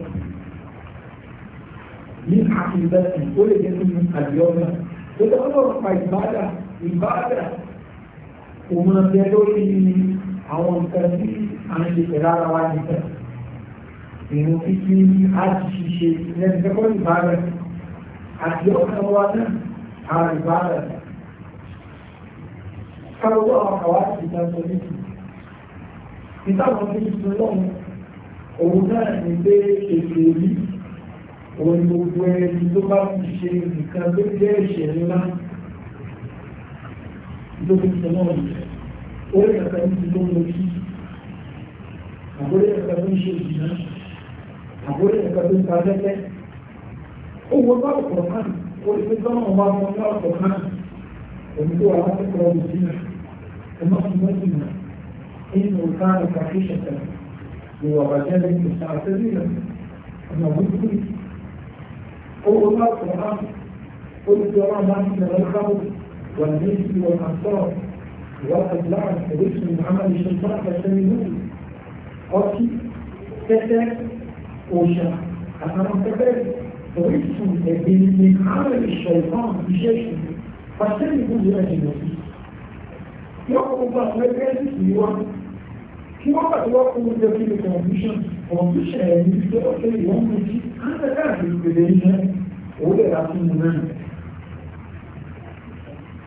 ní àbíkẹ̀sì ó lè jẹ́ kí ni àjọkùn ó lè ọlọ́run pa ìbádà ìbádà òun ọ̀bẹ lórí àwọn nǹkan tí a ń ṣe pẹ̀lú ara wa nìkan ìrù fífi àti ṣíṣe lẹ́nu tẹ́kọ́ wa náà ara ìbádà. Káwọn àwọn àkàwá ti dá sọ ìtàwọn tó ń sun lọ́wọ́ òun náà ní pé ètò yìí òun gbogbo ẹni tó bá fi ṣe nǹkan tó jẹ́ ẹ̀ṣẹ̀ ńlá lórí ìtọ́nà rẹ̀ orí ẹ̀ka ní ti tó ń lọ sí àbórí ẹ̀ka tó ń ṣe ìdìná àbórí ẹ̀ka tó ń ta tẹ́tẹ́ ó wọ bá ọ̀pọ̀ náà orí pé tọ́nà ọba fún ọ̀pọ̀ náà òun tó wà láti kọ́ ọ̀dùn sí náà ẹ̀ má fi mọ́ sí náà إنه كان فاحشة ووجدت مستعتبلا موجود كله قول الله القرآن قل القرآن أنا الخمر والنسل والأنصار وقد لعن رجل من عمل الشيطان فاجتنبوه أوكي كتاب وشاء أنا متفائل رجل من عمل الشيطان بشيء فاجتنبوه لأجل نفسه يقول الله لا يجوز tí wọ́n pàtó wọ́n fún oúnjẹ bí kọ̀ǹdíṣàn kọ̀ǹdíṣàn ẹ̀ ní ṣe ọ̀ṣẹ́ ìwọ̀n mú sí káńtà káàkiri gbèdé iṣẹ́ òun lè ra fún un náà.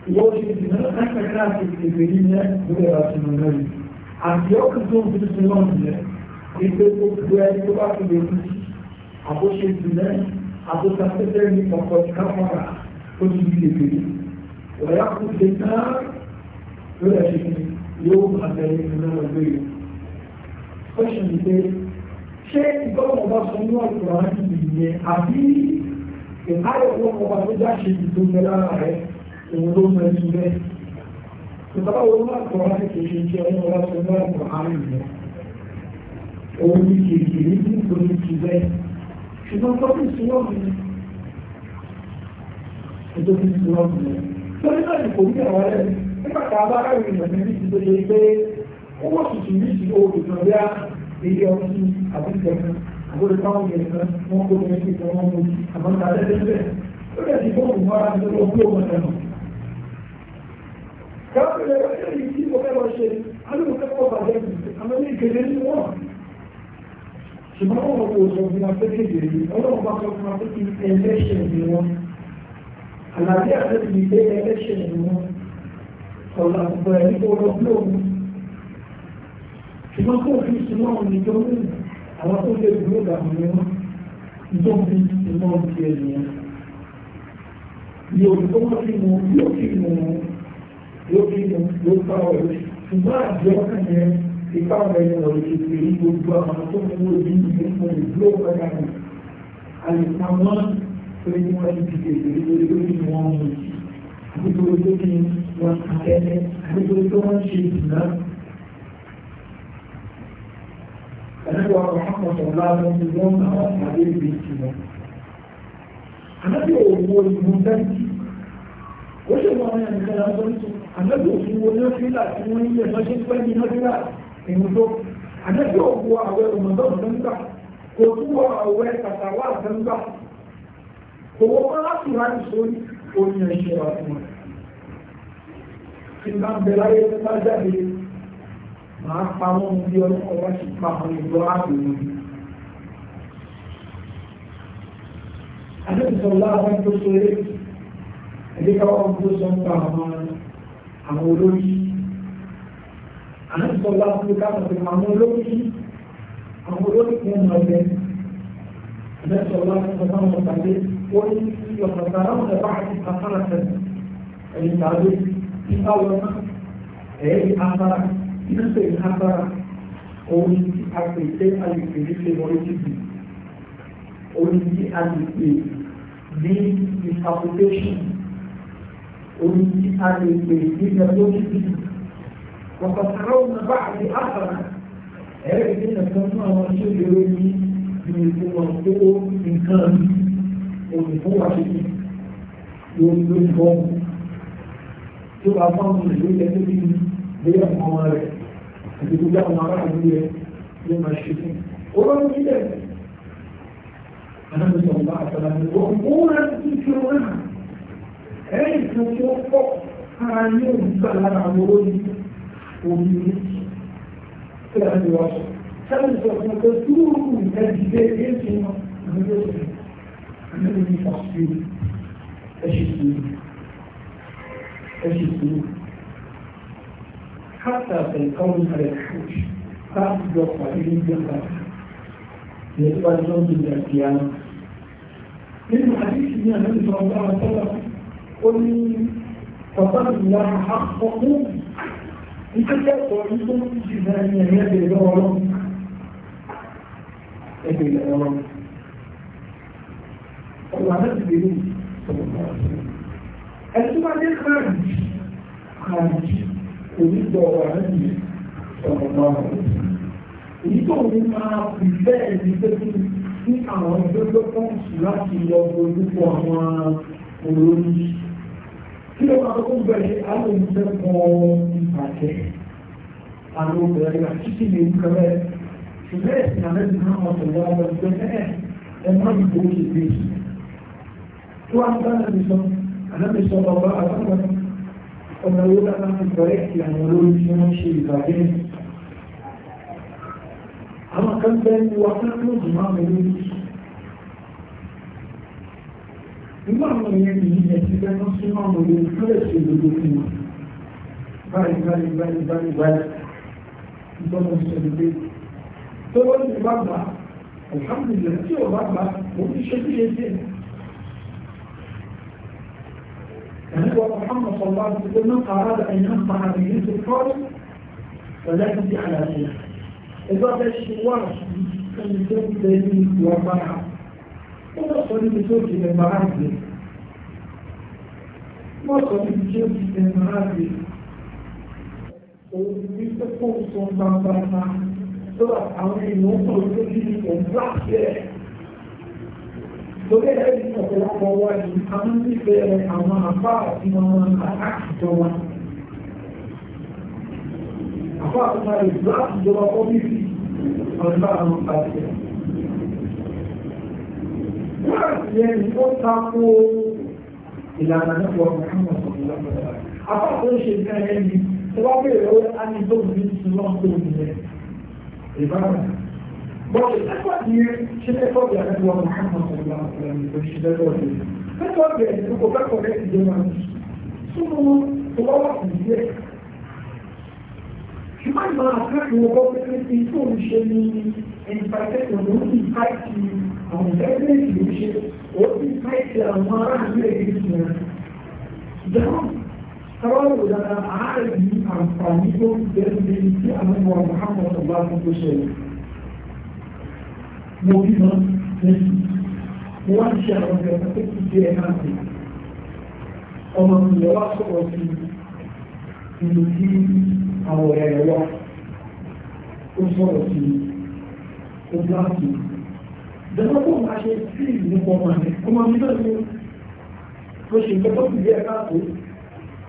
Ìwọ́n ṣe ìdìbò káńtà káàkiri gbèdé iṣẹ́ òun lè ra fún un náà. Àti ọkùnrin tó ń fi sí náà nìyẹn, ìgbé gbogbo ẹni tó bá fi lè mú sí, àbóṣe ìdìbò àbóṣàfẹ́fẹ́ ní ọ̀pọ̀ ìkápọ̀ra tó ti di èdè. Ọ̀yá kú ṣe náà lórí ẹ̀ṣin yóò máa tẹ̀lé ìnáwó lórí ó sì ní pé ṣé ìgbọ́nà bá sọ ní ọ̀pọ̀ àti ìyẹn àbí ìkáyọ̀ ọlọ́pọ̀ bá tó jáṣe ìdó mẹ́ lára rẹ̀ òun ló mẹ́ sí rẹ̀ ìgbàlá wo máa kọ̀ láti kèṣe jẹ́ ọmọ bá sọ ní ọ̀pọ̀ àti ìyẹn òun ní kèṣe ní nítorí ti bẹ́ẹ̀ ṣùgbọ́n tó fi sí ọ̀pọ̀ ètò fi sí ọ̀pọ̀ lórí náà ní kò ní àwọn ẹ̀rí nígbà tá a bá rẹ̀ rìn owó tuntun yìí ti owó tuntun bí a ilé ọtí àti ìjẹun àbúrò táwọn yẹn kan wọn kó lóyún sí wọn mú àmọ́ ta lẹ́sẹ̀ ó lè ti fóònù mọ́ra ní ọgbẹ́ ọmọ ẹ̀nà. káàpì lè wáyé èyí tí mo fẹ́ lọ ṣe alóòwò kẹ́kọ̀ọ́ bàjẹ́ àmọ́ ní ìkéde ní wọ́n. ṣùgbọ́n wọn kò sọ fún wa pé kéde yìí ọlọ́run bá sọ fún wa pé kí ẹlẹ́ṣẹ̀ ni wọn. àlàyé àtẹ́sí ilé ẹlẹ́ṣẹ̀ ni wọn. ọ̀làǹfọ̀ ẹ̀ ṣùgbọ́n kó fi súnmọ́ òní tó ń àwọn tó lè dúró dàbí wọn tó fi súnmọ́ òní ènìyàn yóò tó wọ́n fi mú yóò fi mú yóò fi mú yóò bá ọ̀rẹ́ ṣùgbọ́n àjọ ọkàn yẹn ìpá ọ̀rẹ́ yẹn ọ̀rẹ́ ti pè é gbogbo àwọn tó ń wọ́n bí ìgbé fún ìdúró padà nù àyíká wọn tó ní wọ́n ti tètè lórí lórí wọn mú àbúrò tó ní wọn kàkẹ́ àbúrò tó wọ́n ṣe ìdùnnà ẹ̀lẹ́gbẹ̀ ọ̀rọ̀ ọ̀pọ̀lọpọ̀ láàrín wọn àwọn àdé ìgbé ti wọn. Àlẹ́bí òwò ìlú bẹ́ẹ̀kì, ó ṣe wọn ní ẹnìkan lásán tó, àlẹ́bí òfin wo ní ó fi là tí wọ́n yẹ lọ́ṣẹ́ pẹ́ ní Nàìjíríà ìlú tó. Àlẹ́bí òwò àwẹ̀ òmùdọ́nù tó ń kò túwọ̀ máa pa wọ́n bí ọlọ́kọ̀ wá sí pa àwọn ìlú àgbègbè. Adébísọ̀ láàbá tó so eré, ẹ̀dí ká wọ́n tó sọ ń pa àwọn olórí. Adébísọ̀ láàbá tó ká wọ́n tó àwọn olórí, àwọn olórí kún mọ̀ ẹ̀. Adébísọ̀ láàbá tó ká wọ́n pàdé, ó ní ìyọ̀kọ̀ta láwọn ẹ̀bá àti kàfàrà tẹ̀ ẹ̀yìn tàbí ìbáwọ̀ náà ẹ̀yìn ìdúsẹ̀ ìhására òun tí a pè pé a lè pè ní ṣe wọlé tìbí òun tí a lè pè ní disapplication òun tí a lè pè ní ìdàgbàsókè wọ́n kàtàkà òun náà bá àti àfàrà ẹ̀rọ ìdílé kan fún àwọn tí ó lè rí ní ìlú ìfowópamọ́ nǹkan olùfowópamọ́ yóò lóyún bọ́ọ̀mù tí ó bá fọ́ọ̀mù ìlú ìjẹ́ tó bí هي الممالك اللي تجعل مراحل هي لما الشيطان قرروا جدا أنا مش أربعة سلام الروح قولا تنشروا لها أي تنشروا فوق عن يوم سلام عن روحي ومن سلام الواشر سلام الواشر كسور من هذه الجيشة أنا بيشتري أنا بيشتري أشي سلوك أشي سلوك حتى في الكون على الحوش فأخذ وقائل بالله يتبع الزوج بالقيامة من حديث ابن النبي صلى الله عليه وسلم قل لي فقد الله حق قوم ìtẹ́kẹ̀kọ̀ọ́ ní tó ń jìnà ní ẹ̀yẹ́ bèèrè ọlọ́run ẹgbẹ̀ ilẹ̀ ọlọ́run ọ̀rọ̀ àti bèèrè ọ̀rọ̀ ẹ̀tún bá dé kárìjì kárìjì onígbọ̀ àrẹ́bì ọ̀pọ̀pọ̀ èyí tó ní máa fi bẹ́ẹ̀ ní pé kí àwọn gbogbo pọ́ǹsì láti lọ gbogbo àwọn olórí kí ló máa tó bẹ̀rẹ̀ alóòjẹ́ kan ìbàjẹ́ alóòbẹ̀rẹ̀ àti kí ni ìkẹrẹ ṣùgbọ́n ẹ̀sìn àrẹ́bì náà ọ̀sẹ̀ lọ́wọ́ ẹgbẹ́ ẹ̀mọ́ ìgbòkè bèjì tó wá ń bá àrẹ́bì sọ àrẹ́bì sọ ọ̀rọ̀ àtọ́kọ̀ọ́ ọ̀nà owó lára ń kọ̀rẹ́kì àwọn olórí tí wọ́n ṣe ìbàjẹ́ nì àwọn kan bẹ́ẹ̀ ni wọ́n fẹ́ lóòjì máa mọ̀ lórí nígbà àwọn ìyẹn ní ẹ̀sìn bẹ́ẹ̀ lọ sí máa mọ̀ lórí tó lè ṣe gbogbo fún wọn báyìí báyìí báyìí báyìí báyìí ìgbọ́nà ìṣẹ̀lẹ̀ dé tó wọ́n ti النبي محمد صلى الله عليه وسلم من أراد أن ينفع في الفارس فلا يمضي على ذلك إذا باش ورش كان يسوي دليل ومرعى ورسل بسوتي للمعادي ورسل بسوتي للمعادي ويستقوم صنبان برنا طلع عوني وصل في شيء ومرعى lórí ẹ̀rẹ́ ọ̀pọ̀lọpọ̀ wa ní àwọn nífẹ̀ẹ́ àwọn àbá àti àwọn àkàtìjọ wa àbá àtúnṣe ìgbà ìjọba kọ́míìtì ọ̀nà àwọn àṣẹ wọ́n àti ẹni ó tako ìlànà nípa ọ̀nà àbá tó ń ṣe nǹkan ẹni tó bá bèèrè ó á ní tó ń ti lọ́n tó ń ìbára But that's what you should have thought that everyone Muhammad sallallahu alayhi wa sallam should have thought this. That's what they had to go back for that Germans. So, the law is there. Ṣùgbọ́n ìmọ̀ àkáàkì wọn bọ́ pé kí n tó ń ṣe ní ẹni àwọn ẹgbẹ́rẹ́sì ló ó ní ìfáìtì àwọn aráàlú èdè ìṣẹ̀lẹ̀. Ìdáhùn, káwọn ò àárẹ̀ yìí àǹfààní tó ń bẹ̀rẹ̀ ní ti àwọn ọmọ Muhammad ọba tó ṣẹlẹ̀ mo rí mọ́ lẹ́sìn mo wá ń ṣe àwọn ọ̀rẹ́ ọ̀rẹ́ tó ti jẹ́ ẹ̀ka àti ọmọ mi wá sọ̀rọ̀ sí ìlú tí àwọn ọ̀rẹ́ rẹ̀ wá ó sọ̀rọ̀ sí ó bá sí ìjọba tó máa ṣe sí ìlú ọmọ mi ọmọ mi náà ni ó ṣe ìjọba tó ti jẹ́ ẹ̀ka àti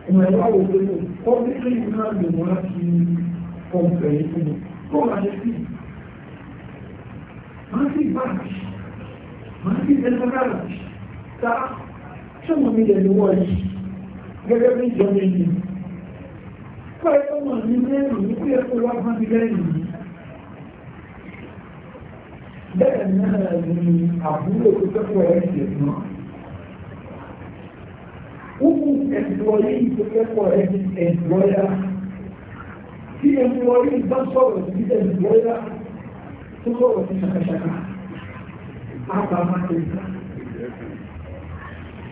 ọmọ ẹ̀rọ àwọn òṣèlú kọ́ bí kí ìlú náà lè wọ́n láti kọ́ ọ̀pẹ̀ fún mi tó máa ṣe sí ìlú ما في برش ما في البرامج تعرف شو من الوجه gẹ́gẹ́ bí ìjọba ẹni pẹ́ tó mọ̀ ní mẹ́rin ní pé ẹ̀kọ́ wá fún mi lẹ́yìn yìí bẹ́ẹ̀ náà ni àbúrò tó kẹ́kọ̀ọ́ ẹ̀ ṣe mọ́ wúkú ẹ̀dùwọ̀lé tó kẹ́kọ̀ọ́ ẹ̀ ṣe ẹ̀dùwọ̀lá tí ẹ̀dùwọ̀lé bá sọ̀rọ̀ sí ẹ̀dùwọ̀lá tí kò ti ṣàkàṣàkà àbá máa tẹ̀ sí.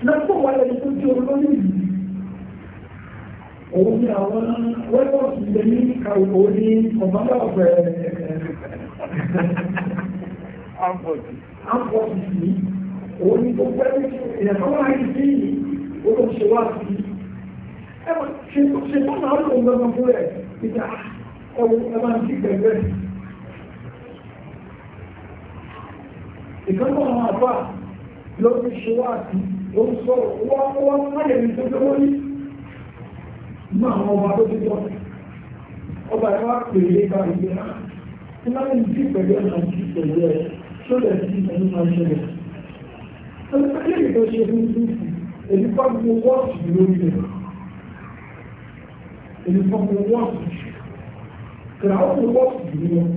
lọ́pọ̀ wà lẹ́yìn tó ti olórí yìí òun ni àwọn wẹ́wọ̀sì lè ní kàwé ní kọ̀mọ́dà ọ̀fẹ́ ámpọ̀tì sí òun ni gbogbo ẹni ìyàtọ̀ máa ń sí olóṣèwà sí ṣe tó náà lòun lọ́nà fún rẹ̀ ìjà ẹwọ́n ẹ máa ń sí gbẹ̀gbẹ̀ ìgbẹ́kọ̀ àwọn àbá ló ti ṣe wá sí ó ń sọ̀rọ̀ wá wá máyẹ̀ ní tó gbówó ní inú àwọn ọba tó ti jọ ọba ẹ̀ wá pè é bá ìgbé náà tí máa ń jí pẹ̀lú ẹ̀ máa jí pẹ̀lú ẹ̀ tó lẹ̀ sí ìtẹ̀lú máa ń ṣẹlẹ̀ ẹni tó ṣe fún fún èyí fọ́nmù wọ́ọ̀sì lórí rẹ̀ èyí fọ́nmù wọ́ọ̀sì kìlà ó fún wọ́ọ̀sì lórí wọn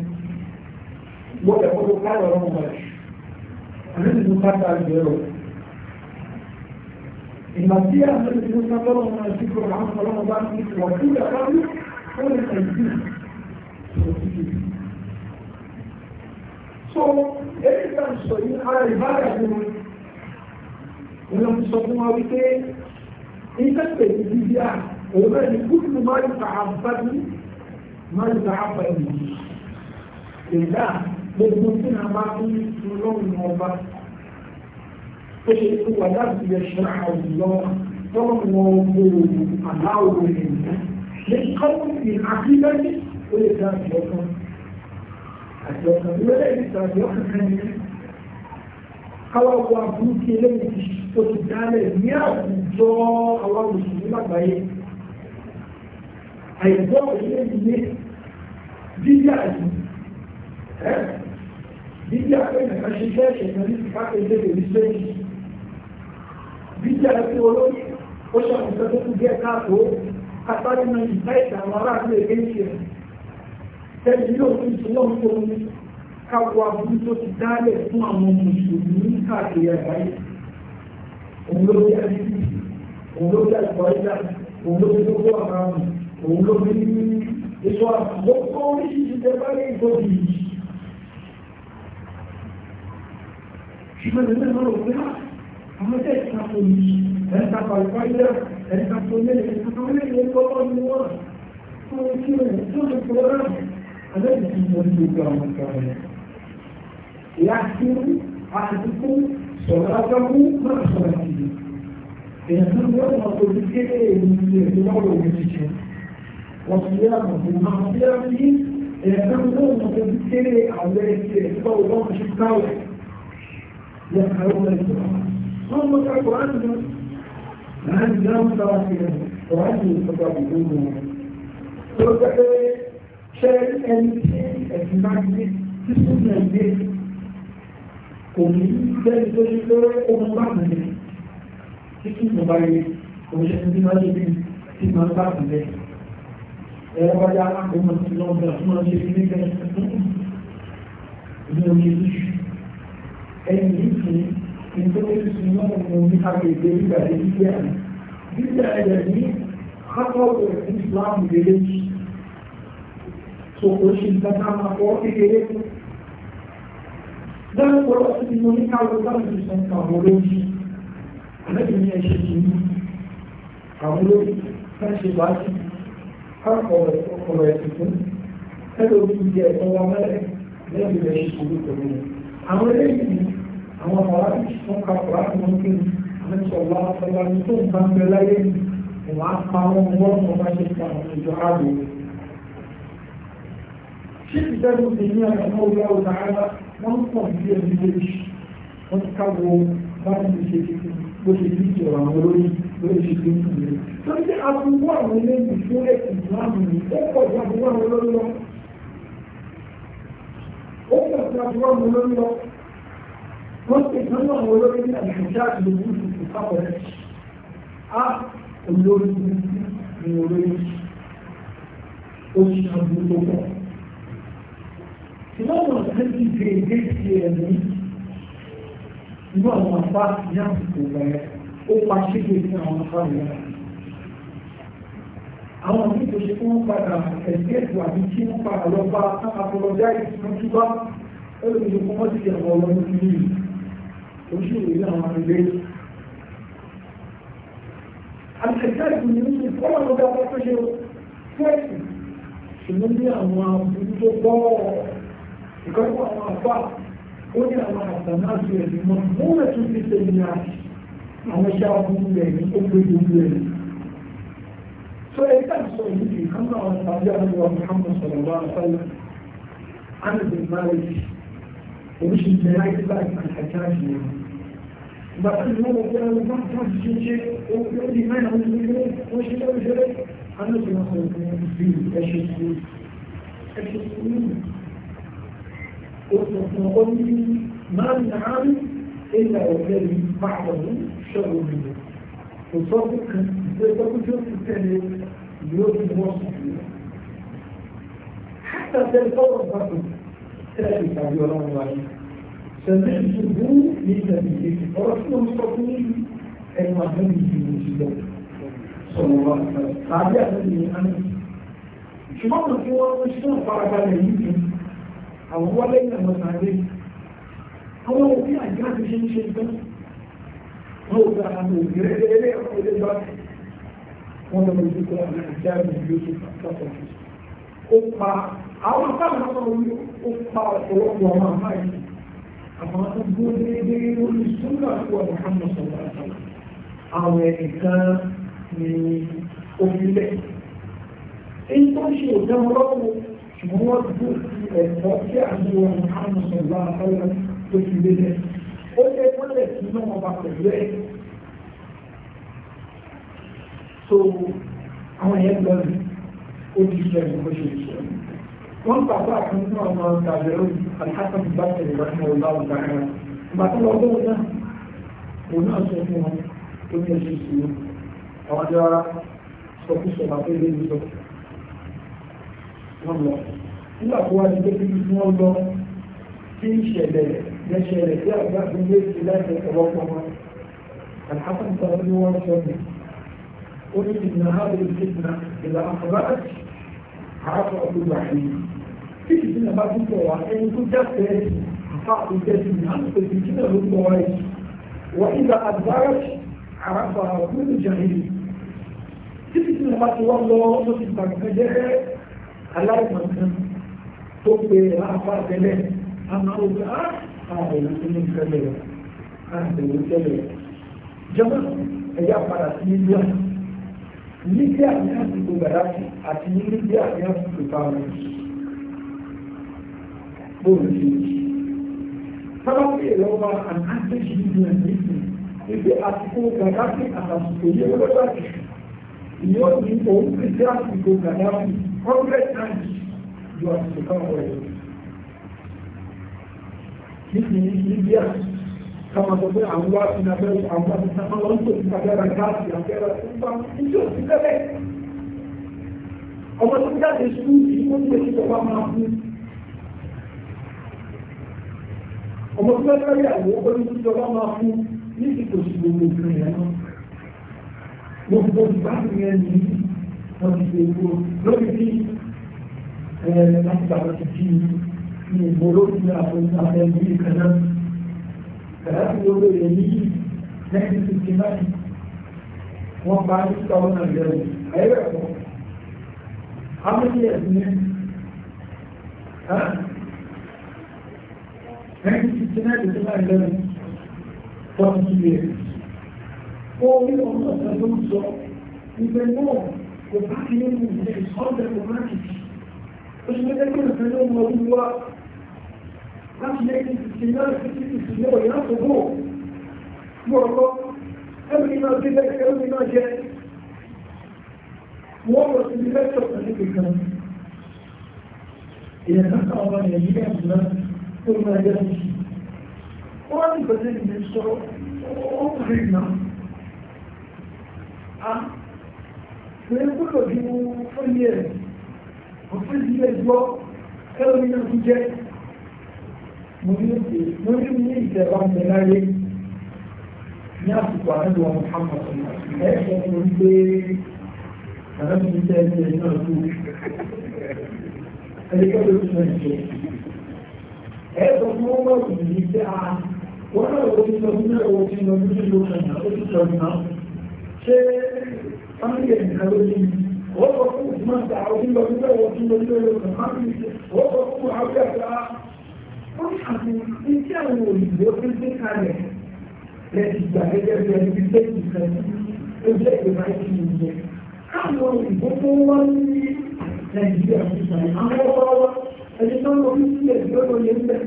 wọ́n lẹ̀ fọ́nmù káyọ̀ ọ̀rọ̀ wọn àmì tó káta ìgbéró ìgbà tí àmì tó káta lọ́wọ́ náà sí kò àwọn ọlọ́wọ́ bá ní wà kí ìgbà bá ní ó lè tẹ̀ sí so èyí ká sọ yìí ara ìbára fún mi ìlú sọ fún wa wípé iṣẹ́ pè ní bíbí à òun náà ní kúrú máa ń ta àbá ní máa ń ta àbá ní ìlú gbogbo tí a bá tún lọ́rùn ọba ó ṣe kó wà láti yẹ ṣe àwùjọ lọ́rùn ọgbọ̀n aláwọ̀ ènìyàn ní kọ́ńtì àkílẹ́jì ó lè dá àti ọkàn àti ọkàn lórí ẹ̀rí tàbí ọkàn kan ní káwọn ọkọ̀ àbúrúkú eléyìí ti tó ti dálẹ̀ ní àwùjọ àwọn òṣèlú lágbàáyé àìgbọ́ eléyìí ní bíbí àìsàn bíbí àpẹẹrẹ kan ṣe jẹ́ ìṣẹ̀kan ní ìfáfẹ́ ìdébè ní sẹ́yìn bíbí àti olóyè ó ṣàkóso tó kú díẹ̀ káàtó kápárí náà ìta ìta àwọn aráàlú èké ń ṣe tẹ́lẹ̀ ní òfin ìṣúná ń tó ní káwọ abúlé tó ti dálẹ̀ fún àwọn mùsùlùmí káàkiri àgbáyé òun ló bí àdìsí òun ló bí àgbọ̀ ìjà òun ló bí gbogbo àwọn òun ló bí èso àgbọ̀ oríṣiríṣi tẹ́ bá lè gbòdì yìí ṣùgbọ́n ẹgbẹ́ náà rò pé àwọn ẹgbẹ́ ìtàkùn yìí ẹ̀ka pàlùpàlù ẹ̀ka tó lélẹ̀ ẹ̀ka tó lélẹ̀ kọ́kọ́ ni wọ́n tó ń kí rẹ̀ tó ń kọ́ rẹ̀ alẹ́bí tí wọ́n ti gba àwọn ọ̀gá rẹ̀. Láti àtúntò sọ̀rọ̀ agbábú máa sọ̀rọ̀ àtìlẹ̀. Èèyàn tó ń bọ́ ọmọ tó ti kéré èyí ti èdè lọ́wọ́ òun ti ṣe. Wọ́n ti rí àwọn ọmọ àwọn ọmọ tí èèyàn tó ń bọ́ ọmọ tó ti kéré àwọn ẹ̀ṣẹ̀ ìgbà òun ti káwẹ̀. يفعلون القرآن هم وقع القرآن لأن لا متواصلة وعدوا المتطابقون توقع شارع الإنسان المعنى في سنة البيت ومن ذلك الشيء ومن بعد في الموبايل ومشاهدين في الواجبين في المنطقة البيت Ela vai dar uma coisa que não é uma coisa que não é uma coisa que não é uma coisa ẹni yìí kì í tó ń sun náà mo ní agbègbè nígbà tí gbígbé àná gbígbé ẹ̀rẹ̀ ní kátọ́ọ̀tù Islam lélẹ́ tó kò ṣe ìdáná àpọ̀ kékeré lẹ́nu kọ́lọ́ sí ni mo ní káwọ́ láti sọ àwọn olóyìn lẹ́yìn ní ẹ̀ṣẹ̀ kì í àwọn olóyìn fẹ́ ṣe bá sí káàkọ̀ ọ̀rọ̀ ẹ̀sìn fún ẹlòmíì àwọn eléyìí àwọn ọ̀rá tó ka ọ̀rá tó ń kí ni àwọn ìṣọ̀lá ọ̀la ní tó ń bá ń bẹ láyé ni ìwà apá wọn wọ́n tó bá ṣe pa àwọn ìjọ ààbò. ṣé ìjẹ́bù ti ní àwọn ọmọ ìyá ọ̀la ara wọ́n pọ̀ sí ẹbí lórí wọ́n ti ká wo báwọn ti ṣe ti bó ṣe ti jọ̀rọ̀ àwọn olóyìn lórí ṣe ti ń kú lé. lórí ṣe àbúrò àwọn eléyìí ó ń gbà tí a ti wọ́n mú lórí lọ wọ́n ti kan náà wọ́n lórí ní àdìsíṣẹ́ àtìlẹ́yìn ìfún sábọ̀rẹ́ a olórí ní olórí oṣù àbúrò pọ̀ ìlànà ọ̀sẹ̀ ti gbèrègbè ti ẹ̀mí inú àwọn afá ní àsìkò rẹ̀ ó pa ṣígbè sí àwọn afá rẹ̀ àwọn míì tó ṣe kí padà ẹ̀sìn ètò àbí tí wọ́n padà lọ bá apọlọjá ìtumọ̀ tí wá ó lè fún wọn ti ọlọ́run ti yìí oṣù ìwé àwọn ilé. àtẹ̀jẹ́ ìgbìmọ̀ ní ti fọ́nà ló bá wọ́n tó ṣe fẹ́ẹ̀sì ṣùgbọ́n ní àwọn aburú tó gbọ́ ìkọ́kọ́ àwọn àfà ó ní àwọn àtàná àti ẹ̀sìn mọ́ mú ẹ̀tún ti ṣe ìyá àwọn iṣẹ́ aburú rẹ̀ ní ó gbé gbogbo rẹ̀ So in terms of you come out of Tajahu of Muhammad sallallahu alaihi wasallam, Anas bin Malik, which is the right back and Hajjaj Bàbá mi wọ́n wọ́n wọ́n wọ́n wọ́n ti ṣe ṣe ó di mẹ́rin àwọn ìṣẹ̀lẹ̀ ó ṣe lọ́wọ́ ìṣẹ̀lẹ̀ àná ti wọ́n sọ̀rọ̀ fún ẹbí ẹṣẹ̀ sùúrù ẹṣẹ̀ sùúrù ó sọ fún ọ ní máa ń nà án ilẹ̀ ọ̀gẹ́rì máa wọ̀ ní ṣọ́ọ̀rọ̀ ìlú kò sọ fún kan ìgbé tọ́kú tí ó ti tẹ̀lé yóò fi wọ́n sùn jù lọ. Hátàtẹ̀ sọ̀rọ̀ pàtó tẹ́lẹ̀ ìpàdé ọlọ́run wáyé. Sẹ̀lẹ̀ ìṣubú ní ìtẹ̀lẹ̀ ọ̀rọ̀ tí ó ń sọ fún ẹnu àbẹ́mi ìdìbò ìṣúlọ̀. Sọ̀rọ̀ wa tàbí àbẹ́mi ní àná. Ṣùgbọ́n kò tí wọ́n ń ṣe ìfarabalẹ̀ yìí ni àwọn wọlé ìlànà tàbí àwọn òbí àjọ àti ṣe ń ṣe ìtọ́jú wọ́n gba àwọn òbíire lé ẹ̀kọ́ ilé lọ́dẹ wọ́n lọ lójú kọ́ nàìjíríà ní Yusuf lọ́sọ̀ ó pa àwọn táwọn ọmọ orí ó lè kí inú wọn pẹ̀lú ẹ̀. so àwọn yẹn lọ rí ó di iṣẹ́ ìlú ṣe iṣẹ́ wọ́n pàpà kan nínú àwọn ọ̀gáyẹ̀rọ alhassan bá tẹ̀lé wá ní ọ̀la ọ̀gá náà ìgbà tó lọ bọ́ọ̀ náà òun náà sọ fún wọn tó ní ẹ̀ṣẹ̀ ìṣòro àwọn ọjọ́ ara sọ fún sọ̀rọ̀ àti ilé ìṣọ́ wọn lọ nígbà tó wá ní pé kí wọ́n lọ في شلال ده شلال ده ده لا خلاف التوقع الحسن قال هو الشمس قلت ان هذه الفتنه اذا اخبرت عرف كل واحد في الفتنة ما في أن كنت جبت صعب الجسم من امس الفتنه بالقواعد واذا ادبرت عرفها كل جاهل في فتنه بقى والله ما تتبع كده هلاك مكان tó لا àpá tẹ́lẹ̀ àmọ́ ògbà àwọn èèyàn tó ní ìfẹ́lẹ̀ rẹ̀ àwọn èèyàn tẹ́lẹ̀ rẹ̀ jọba ẹ̀yà padà sí Libya Libya ní àsìkò Gaddafi àti Libya ní àsìkò fáwọn bóòlù sí sábàbí ìlọ́wọ́ àti àtẹ̀jì Libya nìyí ibi àsìkò Gaddafi àtàsìkò yẹ lọ́wọ́ yóò ní òun ti dé àsìkò Gaddafi hundred times ju àsìkò fáwọn ẹ̀yọ́ níbi Libya kama sọ pé àwọn wá sí abẹ́rẹ́ àwọn wá sí sábà wọn tó ti abẹ́rẹ́ gáàsì abẹ́rẹ́ tó ń bá níbi òsì lẹ́lẹ́ ọmọ tó jáde sùn yìí wọ́n ti ìjọba máa fún ọmọ tó bá kárí àwọn olórí ìjọba máa fún ní ìtòsí gbogbo ìgbìmọ̀ yẹn náà gbogbo ìgbàgbọ́ yẹn ní wọ́n ti ṣe gbogbo lórí bí ẹ̀ẹ́dẹ́gbàgbọ́ ti kí ni ní ìgbòlódì àfẹ́lú ìkànnà kàláàfin lórí ilẹ̀ yìí nineteen fifty nine wọ́n pa ní two thousand and eleven ayẹ́rẹ́ ẹ̀kọ́ how many years ni nineteen fifty nine to two thousand and eleven forty years ó ní ọmọ ọ̀sán tó ń sọ ìgbẹ́ náà kò bá kí nínú ìgbẹ́ ìsọ́ọ̀dẹ̀ kò má kìkì ó ṣe ìfẹ́ ló ń lọ wíwá láti yẹ kí ti sí kí òyìn láti mú mú ọkọ ẹbí náà sí lẹ́kẹ̀ẹ́ ẹbí náà jẹ wọ́n lọ sí ilé ẹ̀ṣọ́ pẹ̀lú kankan ìyẹn náà ọmọ nàìjíríà náà tó máa yẹ kí wọ́n ti bẹ̀rẹ̀ ní sọ ó rí náà a pé gbọ́dọ̀ bí wọ́n fẹ́ yẹ ọ̀fẹ́ yẹ gbọ́ ẹlòmínà tó jẹ́ mùsùlùmí ní ìjẹba ń bẹ láyé ní àsìkò àdúgbò Muhammad ẹ sọ fún un pé àdúgbò tẹ ẹ tẹ náà tó ẹnikẹ́ni ló tún ẹ̀ jẹ ẹ sọ fún un wọ́n kì í tẹ a wọ́n náà wọ́n ti sọ fún un wọ́n ti sọ fún un ló kàn án ó ti sọ fún un ṣé fámìlì ẹ̀ nìkan ló ní wọ́n sọ fún un máa ta àwọn ìlọ́sílẹ̀ wọ́n ti lọ sí ẹ̀rọ kan fámìlì wọ́n sọ fún un àwọn ìyàtọ̀ ó ṣàfi iṣẹ́ àwọn òyìnbó tó gbé kalẹ̀ lẹ́yìn ìgbà gẹ́gẹ́ bí ẹni bí lẹ́yìn ìkan tó jẹ́ ìgbà ìṣe ìjẹ. káwọn òyìnbó tó wá ní nàìjíríà ti sàlẹ̀ àwọn ọ̀rọ̀ wa ẹni tó ń lọ sí ilẹ̀ tó lọ yẹn bẹ́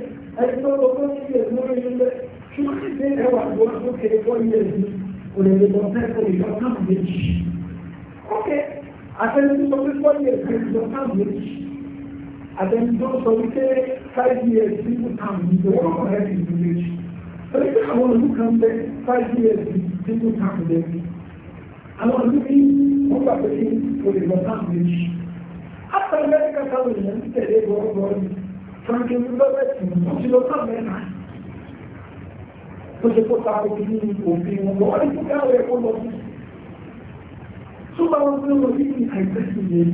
ẹni tó ń lọ sí ilẹ̀ tó lọ yẹn bẹ́ ṣùgbọ́n ìgbé ẹwà tó wá tó kéré fọ́ ilẹ̀ àtẹnudọ́ sọ wípé five years people come into one hundred and twenty torí pé àwọn olú kan bẹ five years people come there àwọn olú ní wọ́n gbà pé for the lọ sáà after America sáwọn èèyàn ti tẹ̀lé gbọ́gbọ́ ni Franklin Roosevelt wọ́n ti lọ sáà mẹ́ta tó ṣe kó ta òfin ní òfin wọn wọ́n ní kó káwé ẹ̀kọ́ lọ sí. tó bá wọn fẹ́ lọ sí ìhàìsẹ́sì yẹn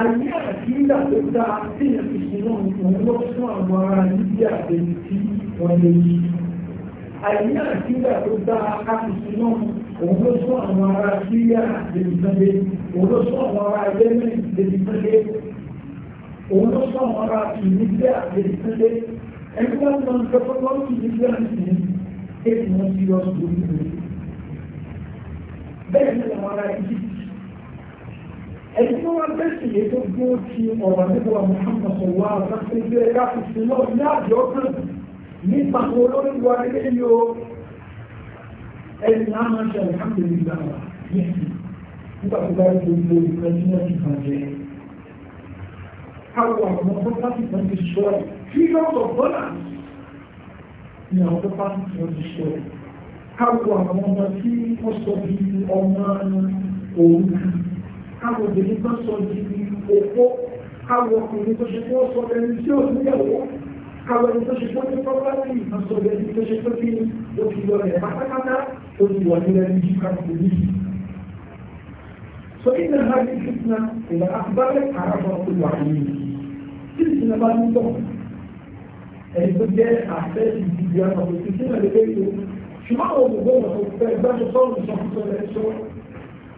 àyè àdínlà tó dá téèyàn fi ṣe náà òun lọ fún àwọn ará níbi àbẹ̀yìn tí wọ́n lè yí àyè àdínlà tó dá àfìsí náà òun ló fún àwọn ará síríà lèbi sànlé òun ló fún àwọn ará yẹmẹ lèbi sànlé òun ló fún àwọn ará tunisia lèbi sànlé ẹni bá ń lọ nǹkan tó lọ tunisia nìyí èyí wọn ti yọ sórí rẹ bẹ́ẹ̀ ni àwọn ará egypt ẹni tó wá bẹ́sì yìí tó gbó ti ọ̀rọ̀ nígbà Muhammad sọ̀wọ́ àtàkùn ilé ẹ̀ka fìfì náà ní àjọ kan nípa àwọn olórin wa nílé yìí o ẹni náà máa ń ṣe alhamdulillah yìí nígbà tó bá rí gbogbo ìfẹ́ tí wọ́n ti bàjẹ́ káwọ àwọn ọmọ pátì kan ti sọ ẹ̀ trillions of dollars ni àwọn ọmọ pátì kan ti sọ ẹ̀ káwọ àwọn ọmọ tí wọ́n sọ bí ọmọ òun káwọn obìnrin tó sọ di òpó káwọn ọkùnrin tó ṣe kó sọ ẹni tí ò ní ẹ̀wọ́ káwọn ẹni tó ṣe kó ní pọ́pátì ìtàn sọ ẹni tó ṣe kó kí ni ó ti yọ rẹ̀ pátápátá ó ti wà nílẹ̀ ní jíkà tó ní yìí. sọ ìdá ha ní fitna ìlà àbálẹ̀ àràbọ̀ tó wà ní tí ìsinmi bá ń bọ̀ ẹni tó jẹ́ àfẹ́ ìdíje àwọn òṣìṣẹ́ ìrìnàlẹ́gbẹ̀ẹ́ ṣùgbọ́n àwọn òṣìṣẹ́ ìgbàjọsọ́rùn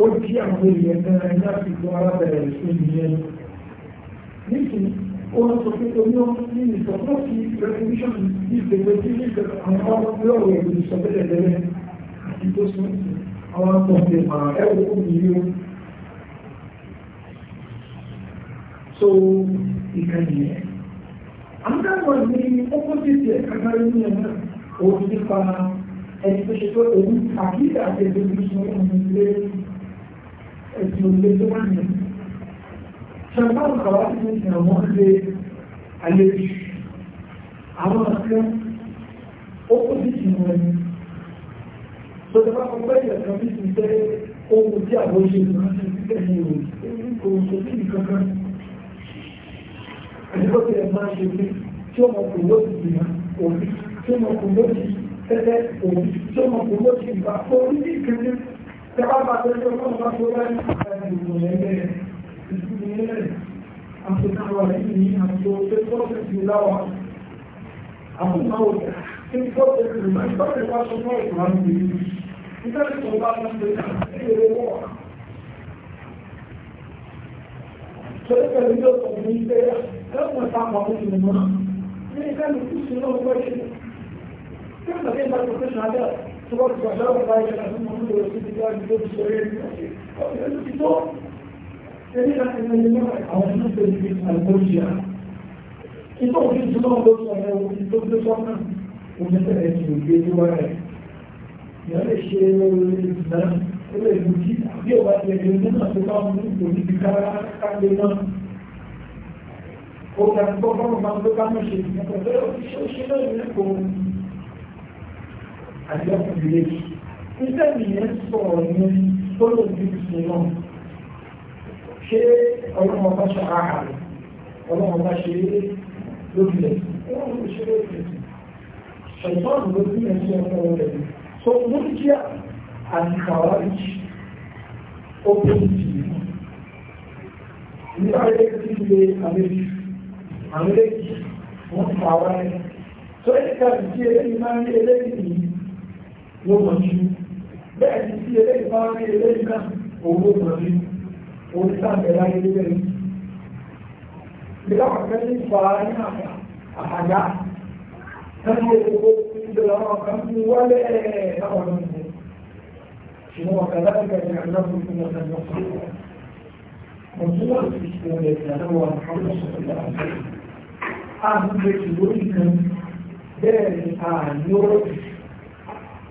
ó jí àwọn èèyàn náà láti fún arábẹ̀rẹ̀ ìṣòro yẹn nísìnyí ó lọ sọ pé oyún ní ìsọ̀tọ̀ sí revolution ní ìgbèrè tí ní ìgbèrè àwọn ọmọdé ọ̀rọ̀ ìlú ìsọ̀tẹ̀lẹ̀ lẹ́rẹ́ àti tó sún àwọn akọ̀ọ̀dẹ̀ máa ẹ̀wọ̀ obìnrin o. so ìkànnì yẹn àmúdáwọ̀ ní opposite ẹ̀ kágbárí ní ẹ̀ náà òun nípa ẹni tó ṣe pé òun àkíyà àti ẹgbẹ́ ìṣòro ọmọ ilé ẹ̀sìn òlé tó wà ní. ṣàgbọ́n kàwá ti ní ìsìn àwọn ṣe àlejò àwọn akẹ́ ó kó sí ìsìn wọn ni. sọ̀rọ̀ bá wọn bẹ́ẹ̀ yẹ̀kan bí ti tẹ́ ohun tí àwọn ṣe ní wọ́n ṣe sí ẹ̀yìn ìròyìn kò kò sí nǹkan kan. àdúgbò tí ẹ máa ṣe pé tí ọmọ kò lóòtù ìgbà òbí tí ọmọ kò lóòtù tẹ́tẹ́ òbí tí ọmọ kò lóòtù ìgbà Tẹ́pá bá tó ṣe fún ọmọ tó rẹ̀ ìgbìmọ̀ ẹgbẹ́ ìgbìmọ̀ ẹgbẹ́ àtòkàwà yìí ní àtò tó tó tó ti láwà. Àwọn ọmọ òkè tí tó tó ti rí máa ń tọ́jú wá sọ fún ìgbà ń bì í. Nígbà tí mo bá ń ṣe ìrè wọ̀. Torí pẹ̀lú yóò sọ fún ilé ẹ̀kọ́ ta mọ̀ ní ìlú náà. Ní ìgbà mi kú sí náà wọ́n ṣe. Kí tí wọ́n ti pàṣẹ ọ̀pá ìjọba tó mọ̀ nílò sí ti dájú tó ti sọ̀rọ̀ ẹni ọ̀pẹ̀ ẹni ti tó ẹni láti ẹni náà àwọn tó ti fi àlùkòjìyà ìtò òfin tó náà ló sọ ẹ̀ òfin tó gbé sọ́nà òfin tẹ̀lé ti ògbé tó wá rẹ̀ ìyá lè ṣe ìdáná ó lè lu kí àbí ọba ti ẹni náà tó bá mú òfin ti ká kágbé náà ó ga gbọ́ fọ́nà máa ń gbé ká mọ̀ ṣe ìgbà pẹ̀lú òfin ṣe ó ṣe náà ní àjọpọ̀ ìrètí iṣẹ́ ìyẹn sọ̀rọ̀ ní tọ́lọ̀ ìdíjú sí náà ṣé ọlọ́mọ bá ṣe àhà rẹ̀ ọlọ́mọ bá ṣe é lóbìlẹ̀ ọlọ́mọ bá ṣe é lóbìlẹ̀ ṣẹ̀tọ́nù ló bí ẹ̀ṣẹ̀ ọmọ rẹ̀ so múlíkíà àti kàwáríjì ó pé ìtì que ọ̀rẹ́ tí ilé àmẹ́jì àmẹ́jì wọ́n kàwárí so ẹ̀ka ìdí ẹlẹ́yìn máa ń lé ẹlẹ́yìn yìí wọ́n mọ̀ sí bẹ́ẹ̀ ni tí eléyìí bá rí eléyìí náà òun ló mọ̀ sí onísàbẹ̀ láyé lélẹ̀ yìí. ìlànà kan ní fa ní àhàdá láti ètò ìdọ̀lọ́ kan ní wálé àwọn ọ̀nà ìgbẹ́. ṣùgbọ́n wọn kàdá ní kàdé àná fún fún ọ̀sán lọ sí ìwọ̀n. mo tún wà sí ìṣẹ̀lẹ̀ ìdáná wa àwọn ọ̀sán lọ́wọ́ àti ìgbésùn lórí kan bẹ́ẹ̀ ni àà ní ó rọ̀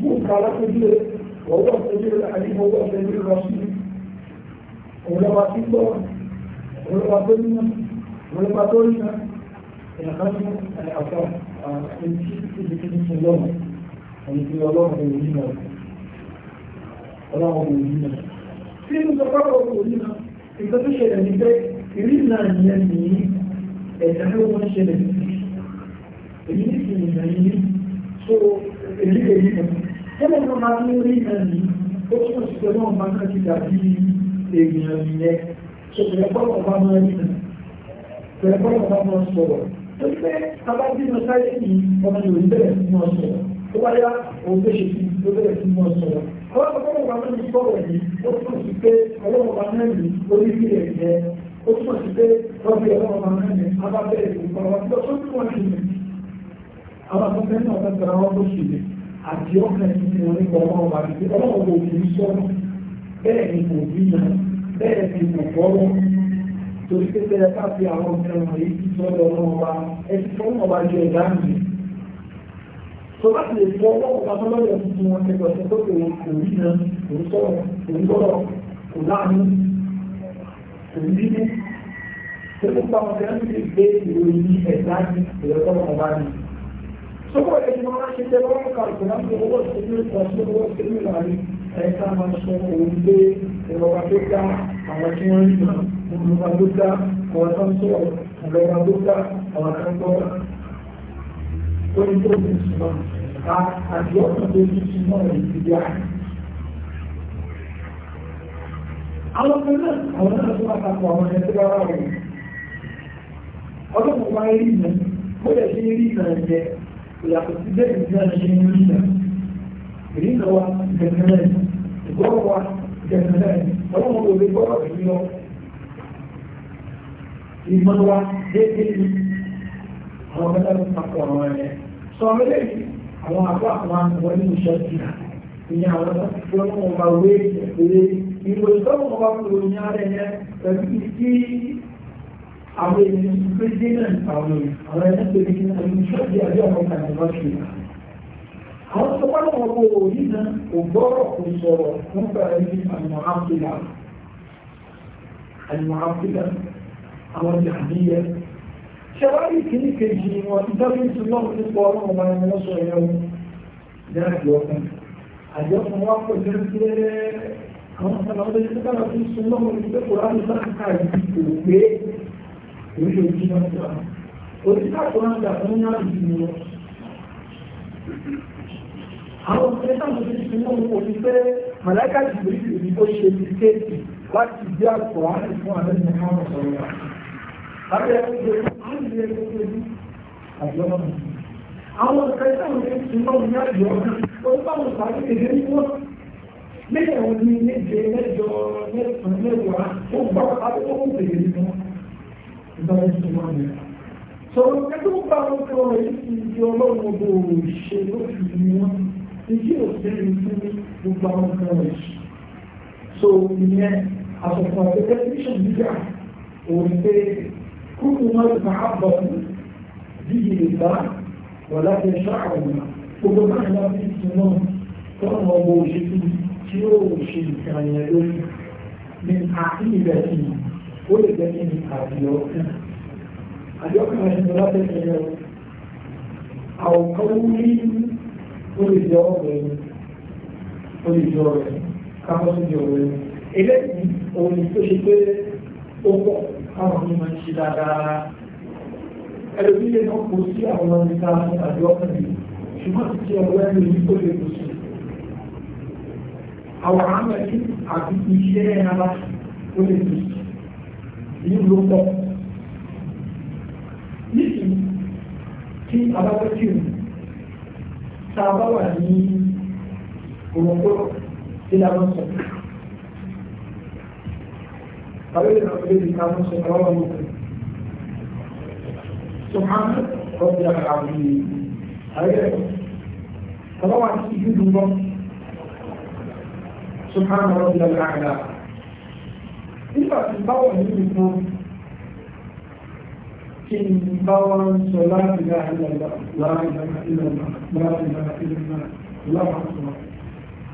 منكر كبير وهو الكبير العليم وهو الكبير الرشيد علماء كبار علماء دنيا علماء دنيا ìrìnàjò àti àti ìdíkìdí ti lọ́nà ẹ̀yìn ọlọ́run ẹ̀yìn ìrìnà ọlọ́run ẹ̀yìn ìrìnà tí ó sọ pápọ̀ òyìnà ìgbà tó ṣẹlẹ̀ ní pé ìrìnà ìyẹn ní ẹ̀yà tó wọ́n ṣẹlẹ̀ ní èyí ní ìrìnà yìí tẹ́lẹ̀ náà máa ń rí náà ní ó tún sí pé náà máa ń ti dàbí èèyàn nìyẹn ṣòkòrò bọ́lọ̀ bá máa rí náà ṣòkòrò bọ́lọ̀ bá máa sọ̀rọ̀ tó pé bàbá bí ní ọmọ yòó bẹ̀rẹ̀ sí máa sọ̀rọ̀ tó bá yá òun tó ṣe sí ló bẹ̀rẹ̀ sí máa sọ̀rọ̀ àwọn akọ́kọ́ bá máa ń sọ̀rọ̀ yìí ó tún sí pé ọlọ́wọ́ àti ọkàn ti onígbà ọlọ́run bá ti ọlọ́run kò kì í sọ bẹ́ẹ̀ ni kò bí yàn bẹ́ẹ̀ ni kò gbọ́rọ̀ torí pé tẹ́lẹ̀ ká fi àwọn ọmọ yìí ti sọ́dọ̀ ọlọ́run wa ẹni tó ń ọba jẹ ẹ̀dá mi. tó bá ti lè fọ ọlọ́run bá tó lọ́dọ̀ tuntun wọn ẹgbẹ́ ọ̀sẹ̀ tó kò kò rí yàn kò sọ̀rọ̀ kò gbọ́rọ̀ kò láàánú kò nínú. tó ló pa ọ̀sẹ̀ ń fi gbé ìròyìn ẹ̀dá mi ìrẹ́pọ̀ ọ̀bá mi. Saboda jama'a shi ta yawan kalkulan da owó ìṣèlú ìtọ́sí owó ìṣèlú ìlàrí ẹ̀ka máa sọ òun gbé ìrọ̀wà tó dá àwọn tí wọ́n rí náà, ìrọ̀wà tó dá àwọn tó ń sọ̀rọ̀, ìrọ̀wà tó dá àwọn tó ń gbọ́. Orí tó ti sùnmọ́, a àti ọ̀kan tó ti sùnmọ́ wáyé rí ìmọ̀, ó ìyàtọ̀ sí bẹ́ẹ̀ tí a ṣe ń rí náà ìrìnà wa gẹ̀gẹ̀rẹ̀ ìgbọ́rọ̀ wa gẹ̀gẹ̀rẹ̀ ọlọ́run kò lè gbọ́rọ̀ sí lọ ìmọ̀ déédéé ni àwọn ọmọdé ló papọ̀ àwọn ẹ̀yẹ sọ àwọn eléyìí àwọn àbọ̀ àwọn àwọn nínú iṣẹ́ ti hà ìyẹn àwọn tó ń wọn bá wé ìpele ìròyìn tó ń wọn bá wúlò ní ara ẹ̀yẹ pẹ̀lú ìdí àwọn ènìyàn pé dínà àwọn àwọn ẹni pé kí ẹni ṣọ́ọ̀dì àbí àwọn kan lọ sí i. àwọn tó bá wọn kó òní náà kò gbọ́rọ̀ kò sọ̀rọ̀ wọn fẹ́ ẹni àmọ̀ áfíríkà àmọ̀ áfíríkà àwọn ìhàníyẹ. ṣẹwárí kìíní kejì wọn ìtọ́jú tí wọn ti pọ̀ ọlọ́run ọba ẹni wọ́n sọ ẹ̀yọ́ wọn jáde ọkàn. àjọ fún wa kò jẹ́ pé àwọn ọ̀sán àwọn ọ̀sán ìṣẹ́ká lójoojúmọ́ nípa òtítà tó ń gbà fún ní àdìsí ni wọn. àwọn òṣèlú tó ti fi mú òní pé màláìka jìbìrì ìbí ó ṣe ti kéèkì láti bí àpò àti fún àlẹ́ ní àwọn ọ̀rọ̀ wa. abẹ́ ẹgbẹ́ àìlè ẹgbẹ́ àjọ náà. àwọn òṣèlú tó ti fi mú òní àjọ náà ó ń bá wọn sáré kéde ní wọn lẹ́yìn àwọn ní méje mẹ́jọ mẹ́sàn-án mẹ́wàá ó gbọ́ àbúkọ́ ó bèèrè nínú wọn ìbára ẹ̀sìn máa ń rẹ̀. sọ ẹgbẹ́ tó bá wọn kọ́ ọ̀rọ̀ yìí ti di ọlọ́run ọgbọ òṣè lóṣù ni wọn èyí ò sẹ́yìn fún gbogbo àwọn kan rẹ̀. so ìyẹn àtọ̀kọ̀ àti tẹlifíṣàn gíga òun pé kúrú wọn ti máa bọ̀ bí ìrìbá wà láti ẹ̀ṣọ́ àwọn gbogbo náà wọn ti sùn náà tọ́nà ọgbọ òṣèlú tí ó ṣe ìkànnì lórí ní àkíyèsí yìí ó lè jẹ́ kí ni àbíọ́kàn àbíọ́kàn rẹ̀ ní ọlá tẹ̀lé rẹ̀ o àwòkán wúlí ó lè jẹ́ ọ̀rẹ́ ó lè jẹ́ ọ̀rẹ́ káwọn ó jẹ́ ọ̀rẹ́ eléyìí òun tó ṣe pé ó pọ̀ káwọn ní máa ń ṣe dáadáa ẹlòmí lè náà kò sí àwọn ọmọdéta àbíọ́kàn yìí ṣùgbọ́n ti ṣe ọ̀rẹ́ mi ní ó lè kò sí àwọn àmọ̀ yìí àti iṣẹ́ ara ó lè kò sí èyí ló pọ̀ nísìnyí tí a bá fẹ́ kí o tá a bá wà ní òwòkó tí a máa sọ àwọn èèyàn náà lè ká mọ́ sọ àwọn ọmọ òkú sọ̀hánà ọ̀bí àwọn ààrẹ ọlọ́wà tí ìlú dùn lọ sọ̀hánà ọ̀bí àwọn ààrẹ nígbà tí bá wà nínú kan kí n bá wá ń sọ láti dá ìlànà láàrin ìlànà láàrin ìlànà láàrin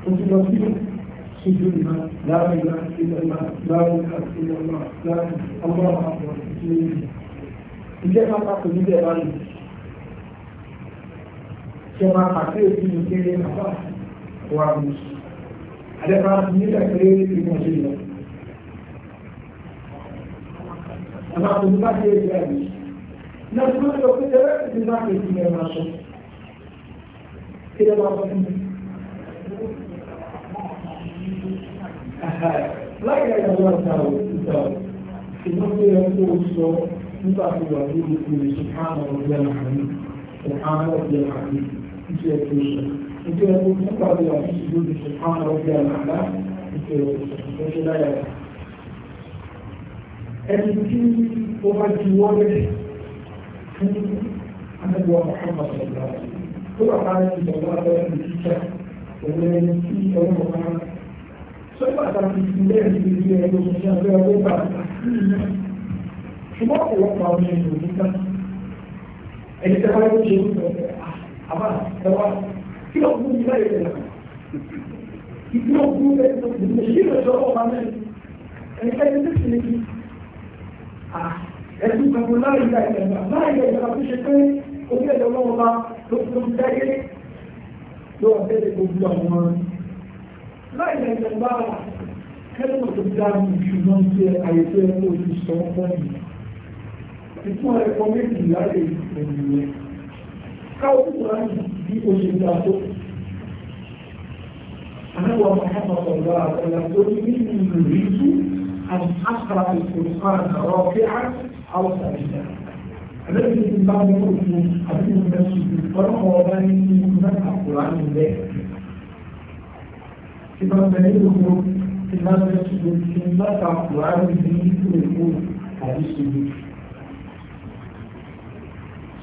وتبصير سجننا لا اله الا الله لا اله الا الله لا الله اكبر ǹjẹ́ máa ta pẹ̀lú bẹ́ẹ̀ bá lè ṣe máa pàkíyèsí ní kéré àbá wa mú sí adẹ́bàá nílẹ̀ pé ìmọ̀ ṣe lọ. Ama bunlar diye gelmiş. Nasıl yok bir de bunlar etmeye başladı. Bir de bakın. La ilahe illallah ta'ala. Şunu diyor nígbà tó wà ní gbogbo ìṣùpáàmù ọ̀gbẹ́ àmì ìṣùpáàmù ọ̀gbẹ́ àmì ìṣẹ́ tó ṣe. Nítorí ẹgbẹ́ nígbà tó wà ní gbogbo ìṣùpáàmù ọ̀gbẹ́ àmì ìṣẹ́ tó ṣe. Ó ṣe láyà ẹni tí ó bá ti wọlé fún anábíwá Muhammad sọ̀rọ̀ tó bá bá ti sọ̀rọ̀ abẹ́rẹ́ ní títà òun ẹni tí ọlọ́run bá sọ pàtàkì ilé ìlú ilé ẹni oṣù tí a fẹ́ ọgbẹ́ bá ṣùgbọ́n ọ̀pọ̀lọpọ̀ àwọn ẹni òní ká ẹni tí a bá yóò ṣe ń sọ ah, àbá ẹwà kí ló kú ní láyé rẹ̀ kí ló kú ní láyé rẹ̀ kí ló kú ní láyé rẹ̀ ní láyé Ah, ẹ̀sùn gbogbo láì ìgbà ìgbà láì ìgbà ìgbà tó ṣe pé orí ẹ̀dọ̀ lọ́wọ́ bá ló fi lóbi dáyé ló wà tẹ́lẹ̀ gbogbo àwọn láì ìgbà ìgbà bá kẹ́lẹ́ mọ̀ tó dá mi ṣùgbọ́n tí ayé tó yẹ kó o ti sọ fún mi ìtumọ̀ ẹ̀kọ́ méjì láì ìgbà káwọ́ tó wà ní bí o ṣe dá tó àwọn ọmọ ọmọ ọ̀gá àtàlà tó ní nínú ìrísí أن أقرأ القرآن رافعا أو ساجدا الذي في بعض الكتب أبين المسجد فرق وبين من القرآن به كما في بعض المسجد كما القرآن به يقول هذه السجود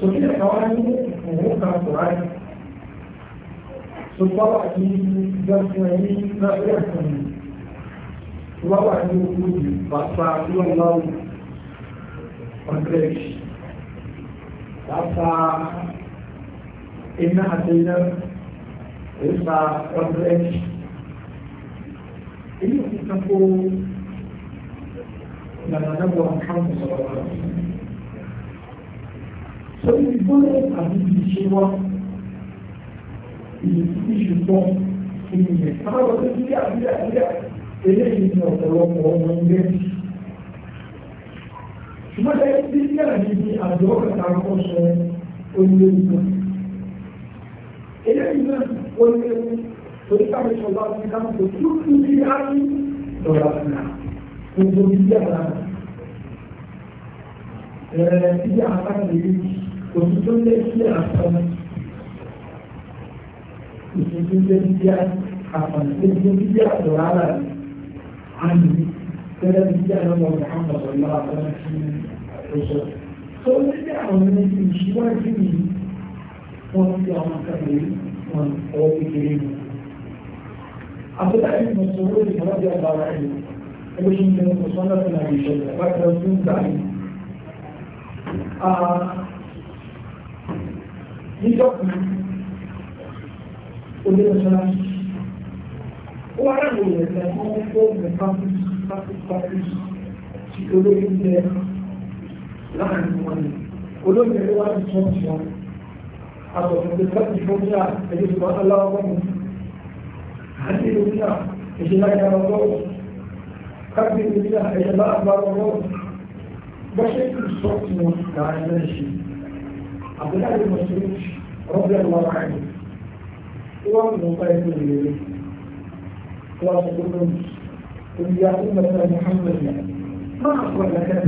سكين القوانين وقع القرآن سلطان أكيد درس يعني ما wọ́n wà ní ojú ìlú bàbá lọ́lọ́rùn ọ̀dẹ́rì bàbá iná àtẹ́yẹ ìfà ọ̀dẹ́rì èyí ò fi kan kó ìlànàdàbọ̀ àkáǹtì sọ̀rọ̀ rẹ̀ sórí ìgbóná àbí ìṣẹ́wọ́ ìlú ìṣùpọ̀ ìyẹn àwọn ọ̀dẹ́rì àbí àbí àbí eléyìí ni ọ̀pọ̀lọpọ̀ ọmọ ilé ṣùgbọ́n ṣe tí kẹ́rẹ̀ níbi àjọ ọ̀kẹta akọ́ṣẹ́ onílé ìgbà eléyìí náà onílé oníkàwé ṣọlá ti dáńtò tí ó kú sí áyí lọ́la sílá gbogbo ibi àrà ẹ̀rẹ̀ ibi àtàkùnrin òtún tó lé sí àtàn ìṣèjúdé bíbí àtàn ìṣèjúdé bíbí àtàn rárá rẹ̀. عنه كلام جاء الله محمد صلى الله عليه وسلم في الرسل فنرجع من الانشوار فيه ونرجع من كبير من قوة كريمة عبد الله بن مسعود رضي الله عنه وجه من المصنف بن ابي شيبه فكر من تعليم nítorí olóòtú náà ó wá láwọn èèyàn kan tó ń kó ní campus campus campus ti olóyè lá jẹ láàrin o ni é ló wá ní tọ́jú wọn àtọ̀tọ̀tọ̀ tọ́jú fún yà ẹ̀yẹ tó wá láwọn ọmọ mi àti ìlú yà ẹ̀yẹ láyà ọgọ́rùn kábí ìlú yà ẹ̀yẹ láàbà ọgọ́rùn bọ́sẹ̀ kì í sọ tí wọn kà á ẹ̀yẹ ṣe àbúlá ìmọ̀ sí ọ̀bẹ̀ wọn wáyé لا تقولون قل يا أمة محمد ما أقوى لك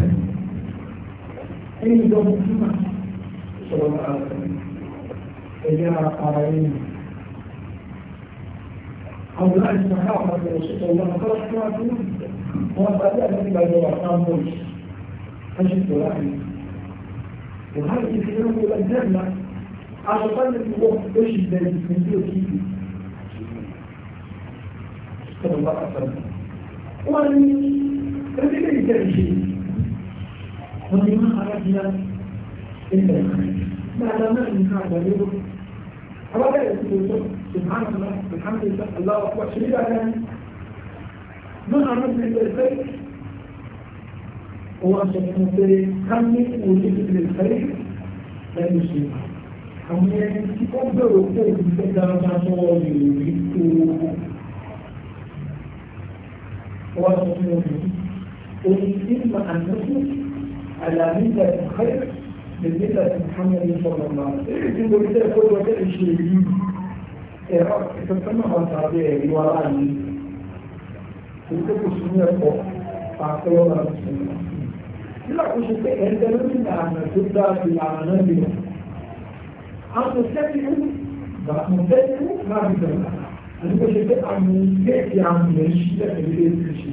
أي يوم الجمعة صلى الله عليه وسلم فجاء قائلين هؤلاء الصحابة صلى الله عليه وسلم وقد أتى بعد وقام بوش أجد رأيي وهذه الكلام الأجنة على قلب الوقت تجد من بيوتي صلى الله عليه وسلم وأن فكيف يجري شيء ولما أردنا إلا الخير بعد ما إنكار دليله أبدا يقول سبحان الله الحمد لله الله أكبر شريك أنا ما أردنا إلا الخير هو سبحانه وتعالى كم وجد للخير لا يشركه àwọn ẹni tí في bẹ̀rù pé ìgbésẹ̀ في tó wọ́n lè rí tó والمؤمنين قل إما أنكم على ملة الخير من ملة محمد صلى الله عليه وسلم إذن بكتاب قدوة الشيئين إعراق تتمع طبيعي وراني تلك السنة الأخرى فأعطيونا السنة لا أشوف أنت من أن تبدأ في العنان بنا أن تستطيعوا ما تستطيعوا ما بدنا àti bó ṣe pé àmì kéèkì àmì rẹ̀ ń ṣílẹ̀ pẹ̀lú ètò ṣe.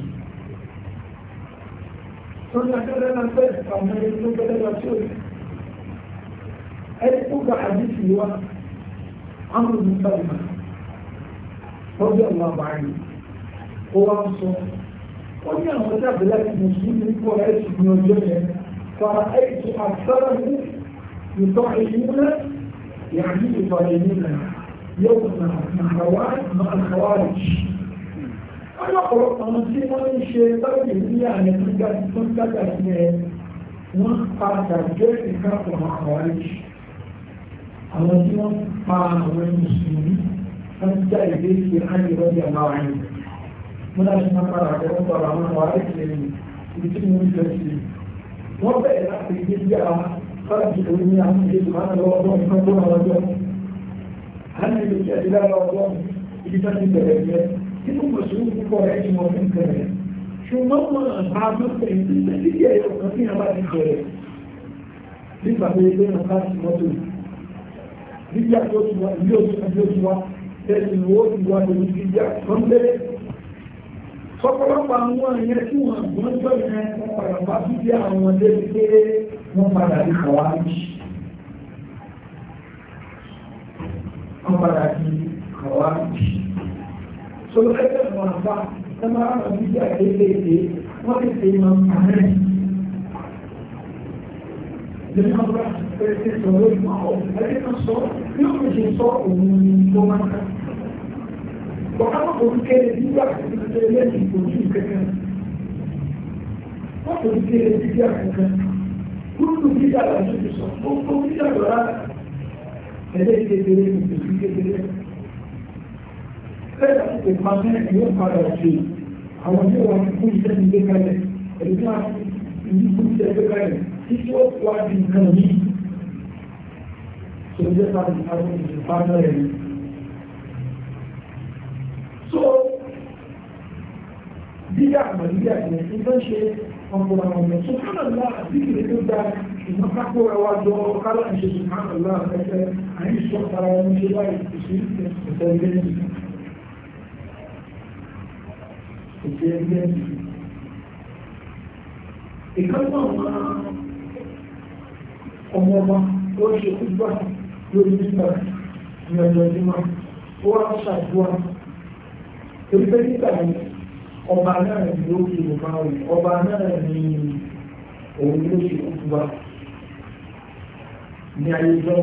tó ní akẹ́lẹ́ náà fẹ́ àwọn ẹni tó gbẹ́lẹ́ lọ sí òní. ẹni tó gba àdìsí wa àwọn olùsọ̀rọ̀ lọ́jọ́ ìwà báyìí ó wá ń sọ ó ní àwọn ọjà bẹ̀rẹ̀ láti mùsùlùmí ní kó ẹ̀sìn ní ọjọ́ yẹn fara ẹ̀sìn àtàrà ní ìtọ́ ìlú náà yàrá ìtọ́ ìlú náà. يوم الخوارج مع الخوارج أنا قرأت أنا في من الشيء ترى يعني من قد من قد أسمع وقد جاء كفر مع الخوارج àwọn tí wọ́n pa àwọn mùsùlùmí wọ́n já ìwé sí àyè lọ́dí àwọn àyè wọ́n láti máa para àjọyọ̀ pọ̀ àwọn ọmọ ààrẹ ti lẹ́yìn ibi tí wọ́n ń lọ sí wọ́n bẹ̀rẹ̀ láti gbé bí a fáàbì orí àwọn ìdíje máa ń lọ ọdún kan tó àwọn ọjọ́ hannun da ke ajiyar rawar ibi ta cikin da biyar cikin masu kuka ya yi mawafin kare ṣùgbọ́n wọn àbábọ̀ pẹ̀lú títí tí ẹ̀yọ̀ kan fi hàn láti bẹ̀rẹ̀ nígbà tó yẹ pé wọn bá ti mọ́tò nígbà tó ti wá ilé oṣù àti oṣù wa tẹ̀sí owó ti wá lórí ìgbà kan lẹ́yìn ọ̀pọ̀lọpọ̀ àwọn èèyàn tí wọ́n gbọ́n gbọ́n yẹn wọ́n padà wá sí àwọn ọmọdé pé wọ́n padà rí kọ̀wá jì. wọ́n padà di àwa jì. sọlọ ẹgbẹ́ àwọn àbá ẹ máa ń rọ̀bí jà kéékèèké wọ́n lè fi máa ń parẹ́. ìdènà ọ̀rọ̀ pẹ̀lú sọ̀rọ̀ ìmọ̀ ẹgbẹ́ kan sọ bí ó fi ṣe sọ òun ni tó máa ń kà. Bọ̀kámọ̀ kò ní kéré nígbà tó ti ṣe lẹ́yìn ìtòjú kẹ́kẹ́. Wọ́n kò ní kéré nígbà kẹ́kẹ́. Kúrúkú nígbà tó ti sọ, ó kó nígbà tó rárá. eléyìí kékeré ìpèsè kékeré bẹ́ẹ̀ àti ìpamẹ́ yóò padà ṣe àwọn yóò wà ní fún iṣẹ́ ìgbé kalẹ̀ èyí tó wà ní fún iṣẹ́ ìgbé kalẹ̀ títí ó wá di nǹkan yìí tó jẹ́ pàtàkì so bíyà àmàlíyà yẹn ní bá ṣe ọmọdé àwọn ọmọ tó kánà ńlá àbíkìrì tó da ìmọ̀ kápó ẹwà jọ kálá ń ṣe sùnkánà ńlá àfẹ́fẹ́ àyè sọ ara wọn ṣe láì kùsù ìtẹ̀lẹ́yìn ìtẹ̀lẹ́yìn ìkánná ọmọ ọmọ tó ṣe kúgbà lórí nígbà ní ìdímọ̀ ó wá ṣàdúrà torí nígbà yìí ọba náà ni ó fi nǹkan rẹ̀ ọba náà ni òun ló ṣe kúkú wa ní ayé jọ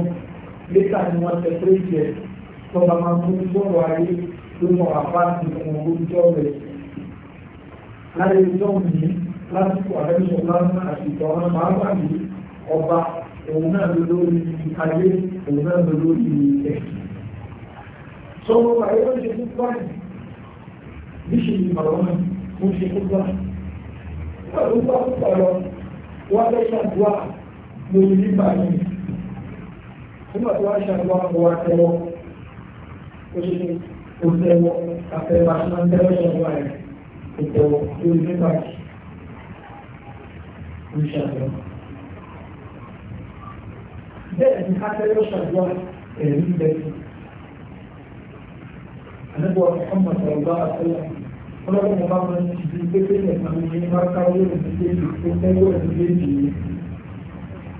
létà ni wọ́n tẹ pé jẹ tọba máa mú sọ̀rọ̀ ayé ló mọ àbáàdì fún orúkọ rẹ̀ láyé jọ nìyí lásìkò àrẹ́sọ̀ lásán àti ìtọ́nà máa wà ní ọba òun náà ló lórí ayé òun náà ló lórí ẹ̀sìn. sọ́wọ́ ayé ló ṣe kúkú báyìí níṣẹ́ ni màmá mo ṣe kúgbà nígbà tó bá púpọ̀ lọ wọ́n fẹ́ ṣàdúrà lórí nígbà yìí nígbà tó wá ṣàdúrà mo wá tẹ́wọ́ ó ṣe kó tẹ́wọ́ àfẹ́ máa ṣe ń tẹ́wọ́ ṣàdúrà rẹ̀ kó tẹ́wọ́ lórí nígbà yìí ó ṣàdúrà. bẹ́ẹ̀ ni ká tẹ́wọ́ ṣàdúrà ẹ̀rí bẹ́ẹ̀ àdúgbò Muhammad sallallahu alaihi wasallam ọlọ́run ọba máa ń ti pépé ẹ̀ka mi ní márùká olóòrùn méjèèjì tó tẹ́wọ́ méjèèjì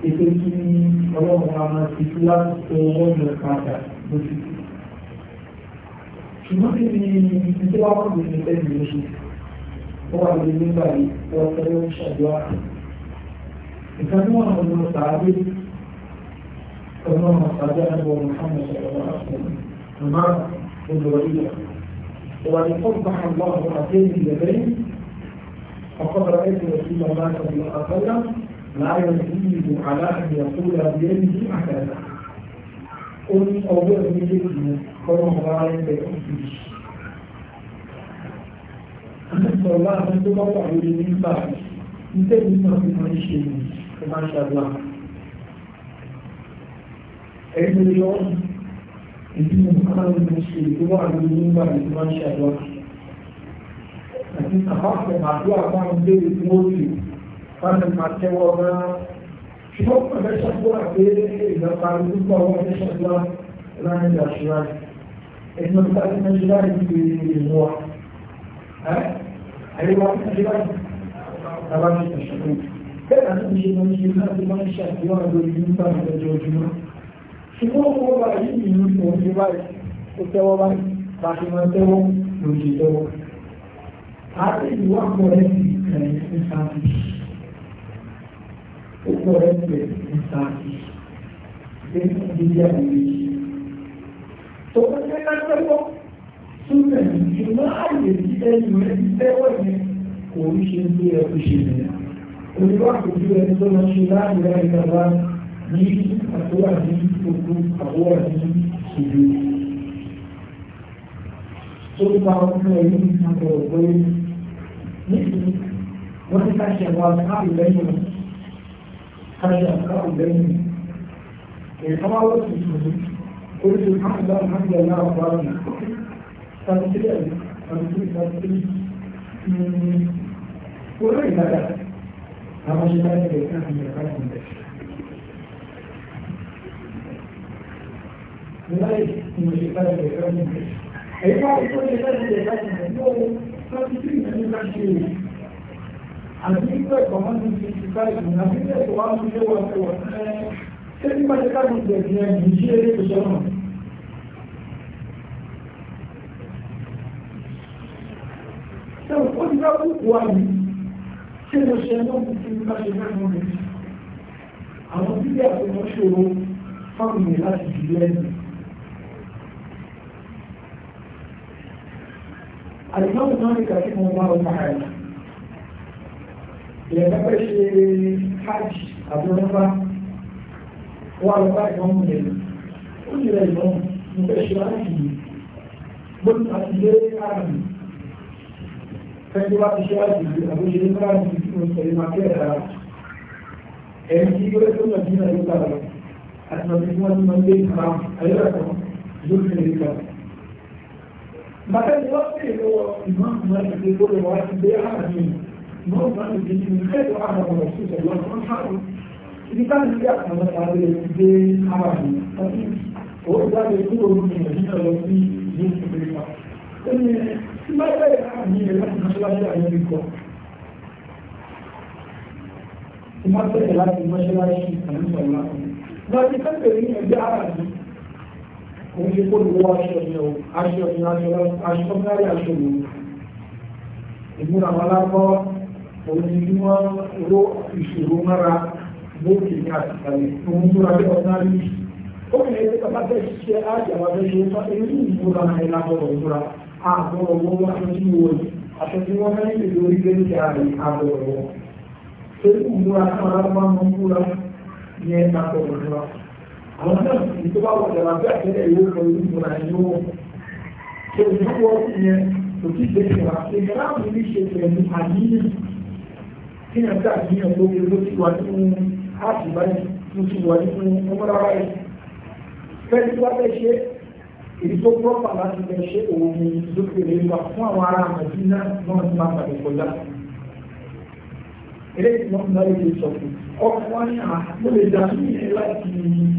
ètò kí ní ọlọ́run ọba máa ti fi láti tó ọlọ́run rẹ̀ padà lójú. ṣùgbọ́n kí ni ni, ìdílé wa kò ní bẹ́ẹ̀ ní oṣù ó wà lórí nígbà yìí wọ́n tẹ́wọ́ ṣàdúrà. ìkan ní wọn ọ̀nà sàádé ọ̀nà sàádé àgbọ̀ Muhammad sallallahu alaihi wasallam بالوئية وإن أصبح الله هاتين اليدين فقد رأيت رسول الله صلى الله عليه وسلم لا يزيد على أن يقول بيده هكذا قل أوضع بيده كما غاية بيده النبي صلى الله عليه وسلم وضع بيده بعد يتبع ما في ما شاء الله ìdí nǹkan ní ṣe ìwà ní nígbà tí wọ́n ṣe àjọ àti àpapọ̀ àdúrà máa ń béèrè fún òsì láti máa tẹ́wọ́ náà ṣùgbọ́n pẹ̀lú ṣàdúrà ìjọba arúgbó àwọn ọmọdé láàrin ìgbà ṣùgbọ́n ẹ̀sìn ọ̀pá ti máa ń ṣe láì fi ìlú wa àyíwá ti ṣe láì tàbá ti ṣàṣàkóso bẹ́ẹ̀ àti ìṣe ṣùgbọ́n owó bá yìí ìlú mò ń ṣe báyìí ó tẹ́wọ́ báyìí bá ṣe máa tẹ́wọ́ ló ṣe tẹ́wọ́ àti ìwà kọ̀rẹ́ sí ẹ̀yìn ní sáàtì ó kọ̀rẹ́ sí ẹ̀yìn ní sáàtì lẹ́yìn ìdílé àwọn méjì tó bá fẹ́ ká tẹ́wọ́ súnmẹ̀ ṣùgbọ́n àyè sí ẹ̀yìn rẹ̀ ti tẹ́wọ́ yẹn kò ń ṣe bí ẹ kò ṣe nìyà oníwà kò ju ẹni tó lọ ṣe láàrin ẹ̀ka bá ní àtúwà ní ogun àwọ̀ ẹ̀sìn ìlú. Tó bá ọdún ẹ̀yìn ní àbọ̀rọ̀ pé nítorí wọ́n ti ká ṣe wọn káàbù lẹ́yìn káṣà káàbù lẹ́yìn. Èèyàn wá wọ́n ti oríṣi káàbù lọ́wọ́ káàbù lọ́wọ́ náà wà ní sàtìlẹ̀ sàtìlẹ̀ sàtìlẹ̀ ní orí ìlàdà àwọn ṣe láti lè káàbù lẹ́yìn. لذلك المشركات الإكرام أي بعض المشركات الإكرام اليوم فاتتين أن يكشفوا Àdínkù ẹ̀kọ́ máa ń fi ti báyìí, àdínkù ẹ̀kọ́ máa ń fi wá sí wọn. Ṣé nípa ti káàkiri ìgbẹ̀gbẹ̀ ẹ̀ ní ṣí eré ìṣọ́nà? Ṣé o ti dá púpọ̀ wá ní? Ṣé mo ṣe náà kú sí nípa ṣe fẹ́ mọ́ mi? Àwọn bíbí àti wọn ṣòro fáwọn ènìyàn láti jù lẹ́nu. الإمام مالك رحمه الله تعالى يتبش حج أبو نفع وعلى طائف مؤمن قل إلى الإمام مبشراته قلت أسجير أعلم فانتوا بشراته أبو جريمة مسلمة كده أنتي قلت المدينة يقال أتمنى أن المدينة أيضا ذكر الكلام bàtà ni wọ́n sì lọ ìmọ̀ àwọn ìdílé tó lè wáyé gbé àmì ìmọ̀ àwọn ìdílé ní ilé tó àwọn ọmọ ọ̀sùn ìṣẹ̀lẹ̀ ọ̀sán sáwọn ibi káàdì sí àwọn àgbẹ̀ gbé àmì àti òun jáde kúrò ní ìrìnàjò lọ sí ìlú ìgbéríwá. ó ní ìgbàgbé àmì rẹ̀ láti mọ́ṣáláṣí àyẹ̀ nìkọ́. ìmọ̀ àgbẹ̀ láti mọ́ṣáláṣí àyẹ̀ nìkọ́ òun ti kó lówó aṣọ ni o aṣọ ni aṣọ aṣọ mẹ́rin aṣọ ni ìmúra wọn lábọ́ òun ni bí wọ́n ró ìṣòro mọ́ra lókè ní àtìkàlẹ̀ òun múra bí ọ̀sán rí ó kìí ṣe bàbá tẹ̀ ṣe ájì àwọn abẹ́ṣe ń sọ èyí ìmúra ẹ̀ lábọ̀rọ̀ ìmúra àbọ̀ owó aṣọ tí wọ́n aṣọ tí wọ́n mẹ́rin lè lórí lẹ́yìn àrùn àbọ̀ owó. Ṣé ìmúra tí wọ́n lábọ́ máa ń múra ní ẹ̀ lábọ̀rọ̀ ìmúra? àwọn náà sì tó bá wọ ìjọba bí àtẹ́lẹ̀ ìwé ìwé ìwé ìwé ṣe ìdúró ìyẹn kò tí ì ṣe ìwà ṣe ìjọba mi ní ṣe pẹ̀lú àníyàn kí ni àti àníyàn tó gbé ló ti wà nínú áàpù báyìí tó ti wà nínú ọmọdé báyìí fẹ́ẹ́ tí wá fẹ́ ṣe èyí tó pọ́pà láti fẹ́ ṣe òun ni lókè lè wà fún àwọn ará àmàdínà náà ní máa pàdé kọjá eléyìí tí sọ̀tún ọkùnrin wọn ní àmúlẹ̀dá ní ẹ̀ láti yìí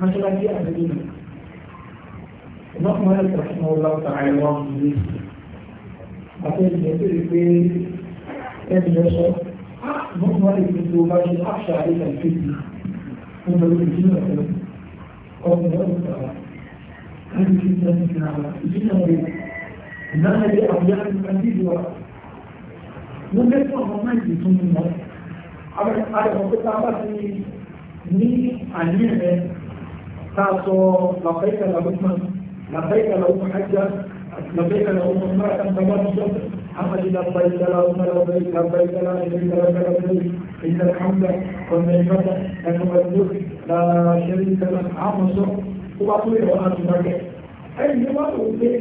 ada mọ́ṣáláṣí àdúgbò ìmọ̀kùnrin ẹ̀sẹ̀ fún ọlọ́pàá àìwọ̀n ìlú àti ẹ̀jẹ̀ tó rí pé ẹni lọ sọ mọ́kùnrin ẹ̀sẹ̀ tó bá ṣe àṣà àìsàn fèsì nínú ìdílé ọ̀sẹ̀ ọkùnrin ọ̀sẹ̀ wa láti fi ṣe ẹni fi hàn ìdílé ọ̀rẹ́ ìdáná ilé àwùjá àti ìdílé wa wọ́n lẹ́sọ̀ ọmọ náà ìdí ní àníyàn تعطوا لبيك لهم لبيك لهم حجة لبيك لهم امرأة تبسط حمد لبيك لهم لبيك لبيك لا شريك لك لبيك إن الحمد والنعمة لك والملك لا شريك لك عمص وأطيع وأطيع أي ما أطيع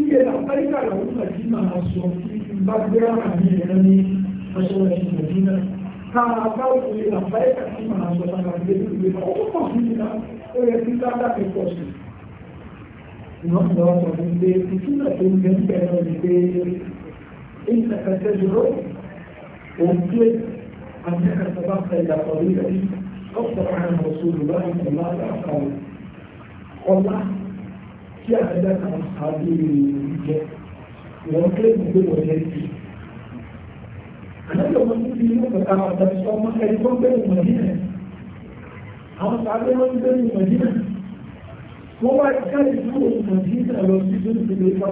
Iye làbáríkà làwọn ọmọ ìdí máa sọ fún ìgbàgbé àwọn àmì ìrẹ́ni ọjọ́ ìrìnàjò náà. Natal e na festa aqui na nossa família, eu digo, eu consigo, né? Eu ia ficar da pessoa assim. Não gosto de ter, precisa ter um grande quero de ter. Essa carta de novo, o que a minha carta basta da família, não só para o nosso lugar, não lá da sala. Olá, que a verdade não sabe o que é. Eu não creio que eu vou dizer àlejò wọn ti fi inú kẹta àtàkì ọmọ ẹni tó ń bẹ̀rù mọ̀dínà àwọn sáré wọn ń bẹ̀rù mọ̀dínà wọ́n wá káyì fún òun mọ̀dínà lọ sí tó ń fi lè fa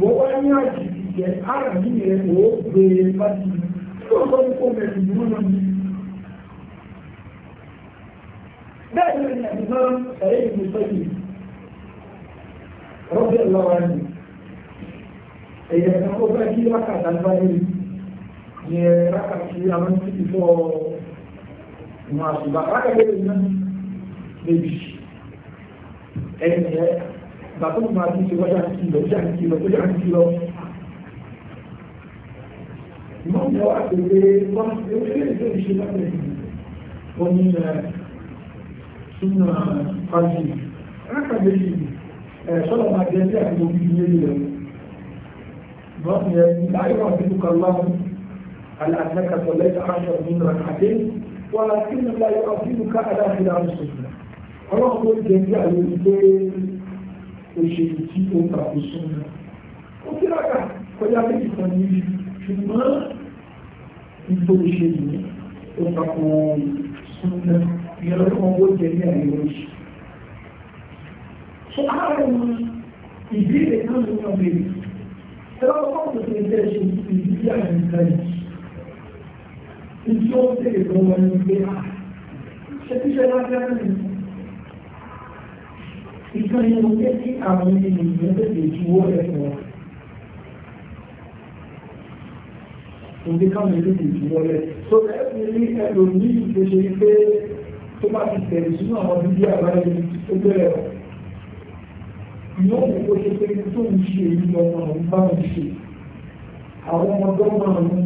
wọ́n wá ní àjì ìjẹ́ ara ní ẹ̀ ó gbé e bá ti tó ń bọ́ ní kó mẹ́rin ìlú náà ní. bẹ́ẹ̀ ni ìyàgbọ́n ẹ̀yẹ́ ìgbésọ́yì rọ́bẹ̀ lọ́wọ́ ẹ̀yẹ̀ kan ó fẹ́ kí wákàtà ń bá yẹn ní rákàtí àwọn tí kì fọ́ ìwọ̀n àṣùgbà rákàtí lè ná méjì ẹni ẹ bàtọ́ mọ̀ àti ṣe wájà ń kìlọ̀ wájà ń kìlọ̀ wájà ń kìlọ̀ ìmọ̀ ní ọwọ́ àgbègbè wọn ṣe ó ṣe èso ìṣe láti ẹ̀sìn ó ní ẹ̀ súnmọ́ fájì rákàtí ẹ̀ sọ́dọ̀ máa jẹ́ sí àgbègbè ìdílé rẹ̀ bọ́ọ̀nì ẹ̀ ní báyìí wà nínú kan láwọn على أنك صليت عشر من ركعتين ولكن لا يقدمك على خلاف السنة ọlọ́run tó jẹ ní àlè wípé òṣèlú tí ó ta kò súnmọ́ ó kíráka kọjá méjì kan ní ibi ṣùgbọ́n ipò òṣèlú ní ó ta kò súnmọ́ ìyẹn lọ́wọ́ ó jẹ ní àlè wípé so àwọn ìbílẹ̀ náà ló ń bẹ̀rẹ̀ ẹ̀rọ ọkọ̀ tó ṣe ń tẹ̀ ṣe ìbílẹ̀ àìsàn yìí ibi ó tèrè lọ wọn ní ah, ilé ṣe tíṣe lágbára ni ìkan ni mo jẹ́ kí àwọn ènìyàn tètè juwọ́ ẹ̀sìn wọn. Òde káwọn ènìyàn tètè juwọ́ ẹ̀. So ẹ̀sìn ní ẹlòmíì tó ṣe pé tó bá ti tẹ̀lé sínú àwọn ibi àbáyé tó bẹ̀rẹ̀ ọ̀. Ìyọ́ òun kò ṣe pé tó ń ṣe ìlú ọmọ àwọn bá ń ṣe. Àwọn ọmọdé máa ń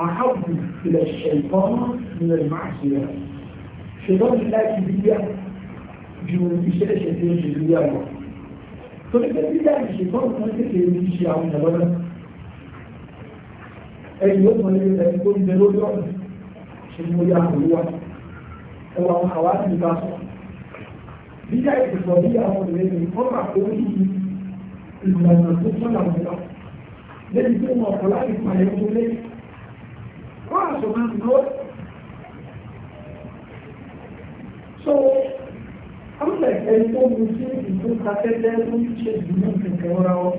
أحب إلى الشيطان من المعصية الشيطان لا كبيرة جنوبية شيطان كبيرة فلذلك بدأ الشيطان ما تكلم شيء عن الولد أي يوم اللي يكون يوم شنو يعمل هو هو حوادث بتاعته بدأ الإسلامية هو الذي يقرع قوله المنطقة لهم الأرض الذي يكون مطلعك ما يقول Wọ́n àṣọ máa ń So, àwọn ẹ̀kẹ́ tó mú sí ìlú kakẹ́kẹ́ tó ń ṣe ìlú kẹ̀kẹ́ wọ́ra wọn.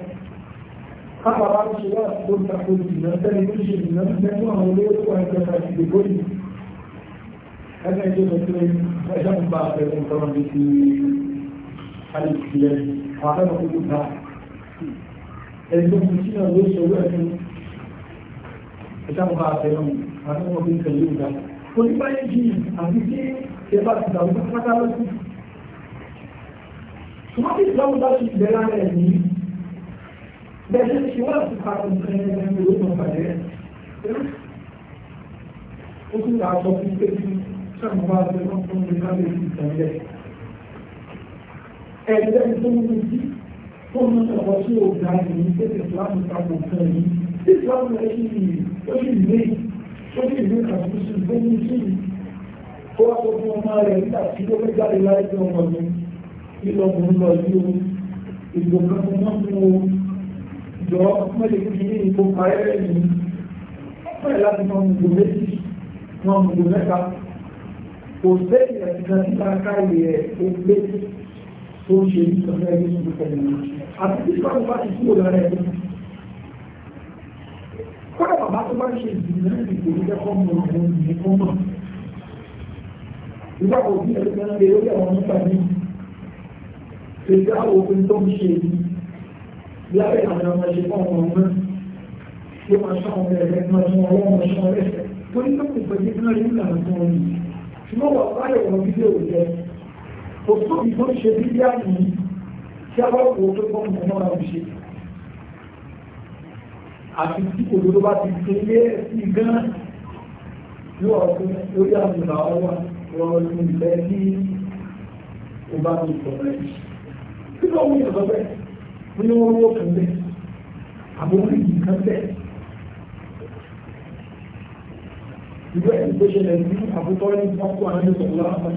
Káàbà wá ṣe wá tó tako ìlú ẹ̀kẹ́ tó ṣe ìlú mẹ́fún àwọn olóyè tó wà ní ọ̀sán ìdìbò yìí. Ẹgbẹ́ ìjọba tó ló ṣòro ẹ̀kẹ́ ẹ̀sàmù bá àtẹ̀lẹ́ wọn àti wọn bí tẹ̀lé ìgbà onípa ẹ̀jì àti tí ẹ bá ti dàrú pátá lọ́sí. wọ́n ti sọ́wọ́n bá ti bẹ̀rẹ̀ ara ẹ̀ ní bẹ́ẹ̀ ṣe wọ́n ti pa nǹkan ẹni ló mọ̀ pàdé ẹ̀. ó tún lọ àṣọ fún pé kí sàmù bá àtẹ̀lẹ́ wọn fún mi lábẹ́ ìtẹ̀lẹ́. ẹ̀ẹ́dẹ́ tó ń mú fóònù ọ̀pọ̀ tí ò ga ìrìn tẹ̀lé ìsìlámù ta yìí ìsìlámù rẹ̀ ṣì ó sì lé ó àtúnṣe tó ní sí ó wá tó ọmọ rẹ̀ nígbà tí ó fẹ́ jáde láì tó ọmọ mi lílọ mò ń lọ yí o ìgbò kan fún wọn fún o jọ mẹ́lẹ̀ kí ní ipò parẹ́ ní ọ̀pẹ́ láti mọ mùgbò méjì mọ mùgbò mẹ́ta kò sẹ́yìn ẹ̀sìn àti káàkiri ẹ̀ ó gbé tó ń ṣe ní ọ̀pẹ́ ẹgbẹ́ ìṣòro pẹ̀lú àti tí wọ́n bá ti kúrò lára ẹgbẹ́ kódà bàbá tó bá ń ṣe ìdìbò náà ìdìbò jẹ́ kọ́ mọ ọmọ ìdìbò kọ́ mọ̀ ìgbà òbí ẹ̀rí kan lè rí àwọn nípa ní èdè àwọn òfin tó ń ṣe yìí lábẹ́ àwọn ọmọ ṣe fún ọmọ náà ló máa ṣọ́ àwọn ẹ̀rẹ́ máa ṣọ́ ọwọ́ máa ṣọ́ ọ̀rẹ́ torí tó kò pẹ̀lú náà rí tó ń yìí ṣùgbọ́n wà láyé wọn fídíò jẹ òfin tó ń ṣe bíbí àná tí a àti tí òdodo bá ti ṣe ilé sí gan yóò ọdún lórí àwọn ìgbà ọwọ́ ọ̀rọ̀ ìlú ìfẹ́ ní ọba tó sọ̀rọ̀ ẹ̀. kí ló ń sọ̀rọ̀ bẹ́ẹ̀ wọ́n ní wọ́n wọ́n kàn bẹ́ẹ̀ àbúrò yìí kan bẹ́ẹ̀. ìlú ẹ̀ tó ṣẹlẹ̀ ní àbútọ́ ní ọkọ̀ àwọn ẹ̀ṣọ́ lọ́wọ́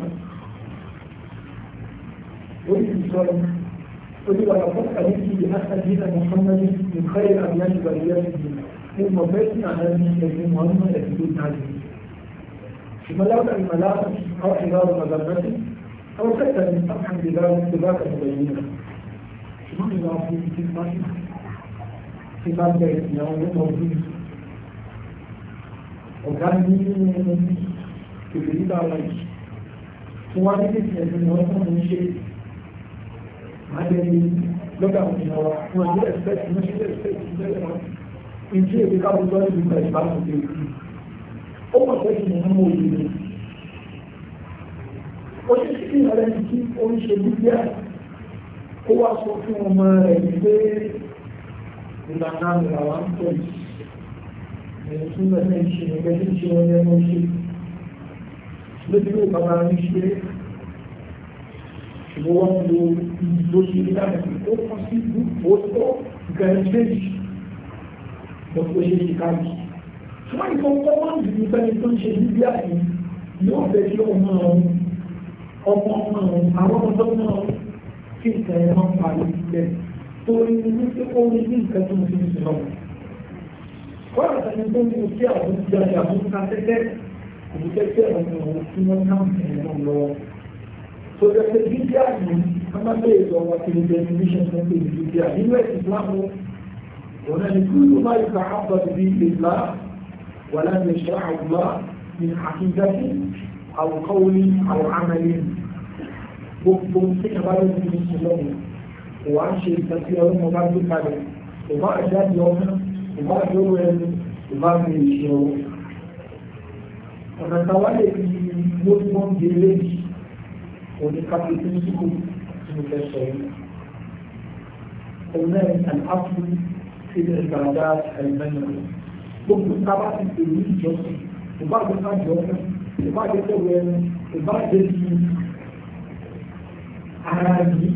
orí ìsọ̀rọ̀ قلت ويقول حديثي بأحد هنا محمد من خير أبيات بأيات الدين ثم بيتنا هذه الكلمة مهمة التي تدل عليه في ملاذ الملاك أو حضار مدرسة أو حتى من صفحة بلاد سباكة مبينة شو يضاف في كلمة في مادة يوم موجود وكان مين في البلاد على الشيء وما نجد أن يكون adẹ́ni lọ́gbà àwọn ènìyàn wa wọn ní ẹ̀sẹ̀tì ní ṣílẹ̀ ẹ̀sẹ̀tì lẹ́yìn wọn ìdí èdè káwọn tó ní ìgbà ìbámu dé òkú ó mọ̀ pé ìmọ̀ mọ́ òye ni ó ṣe sí ìrọ̀lẹ́ ní kí ó ń ṣe gbígbé à kó wá sọ fún ọmọ rẹ̀ pé ìlànà àmìlà wa ń tọ̀ yìí ẹ̀yìn tún lọ́sẹ̀ ń ṣe ẹgbẹ́ tí ń ṣe ọyẹ́ mọ́ ṣe lójú ìbára ń ṣe chegou ao mundo indoginamente, eu consigo outro grande feliz. Eu fui dedicado. Só então, como eu também estou cheio de aí, e vejo o não, o não, a outra não, que é uma falha de pé. Por isso, eu vou me dizer que eu não fiz isso. Agora, também estou me dizendo que a gente já está muito na TV, porque tem um que não está sendo logo tó jẹ́ pé bíbíà ní amábẹ́yẹ lọ́wọ́ kiri definition tó ń pè ní bíbíà nínú ẹ̀sìn Islam wọn ni kúrò máa yọ káàbọ̀ bí ìlà wà láti ṣe àwùlá ní àkíńdájú àwòkọ́wé àwọn amẹ́lẹ́ gbogbo tí a bá yọ ní ìṣẹ̀lẹ̀ wà á ṣe ìtàkì ọlọ́mọ bá gbé kalẹ̀ ìbá ìdájọ́ ọmọ ìbá ìdóró ẹni ìbá mi ìṣòro ọ̀nà táwa lè fi lórí wọn gbé léjì oníkàtí tí ní kíkó tí mo fẹ́ sọ yìí. Ọ̀nà àlàáfù ti ní ìgbàlódà ẹ̀mẹ́nà. Gbogbo sábà ti pè ní ìjọsìn, ìbáàjẹ́ sáàjọ ọ̀fẹ́, ìbáàjẹ́ tẹ̀wé ẹnu, ìbáàjẹ́ ti ara yìí.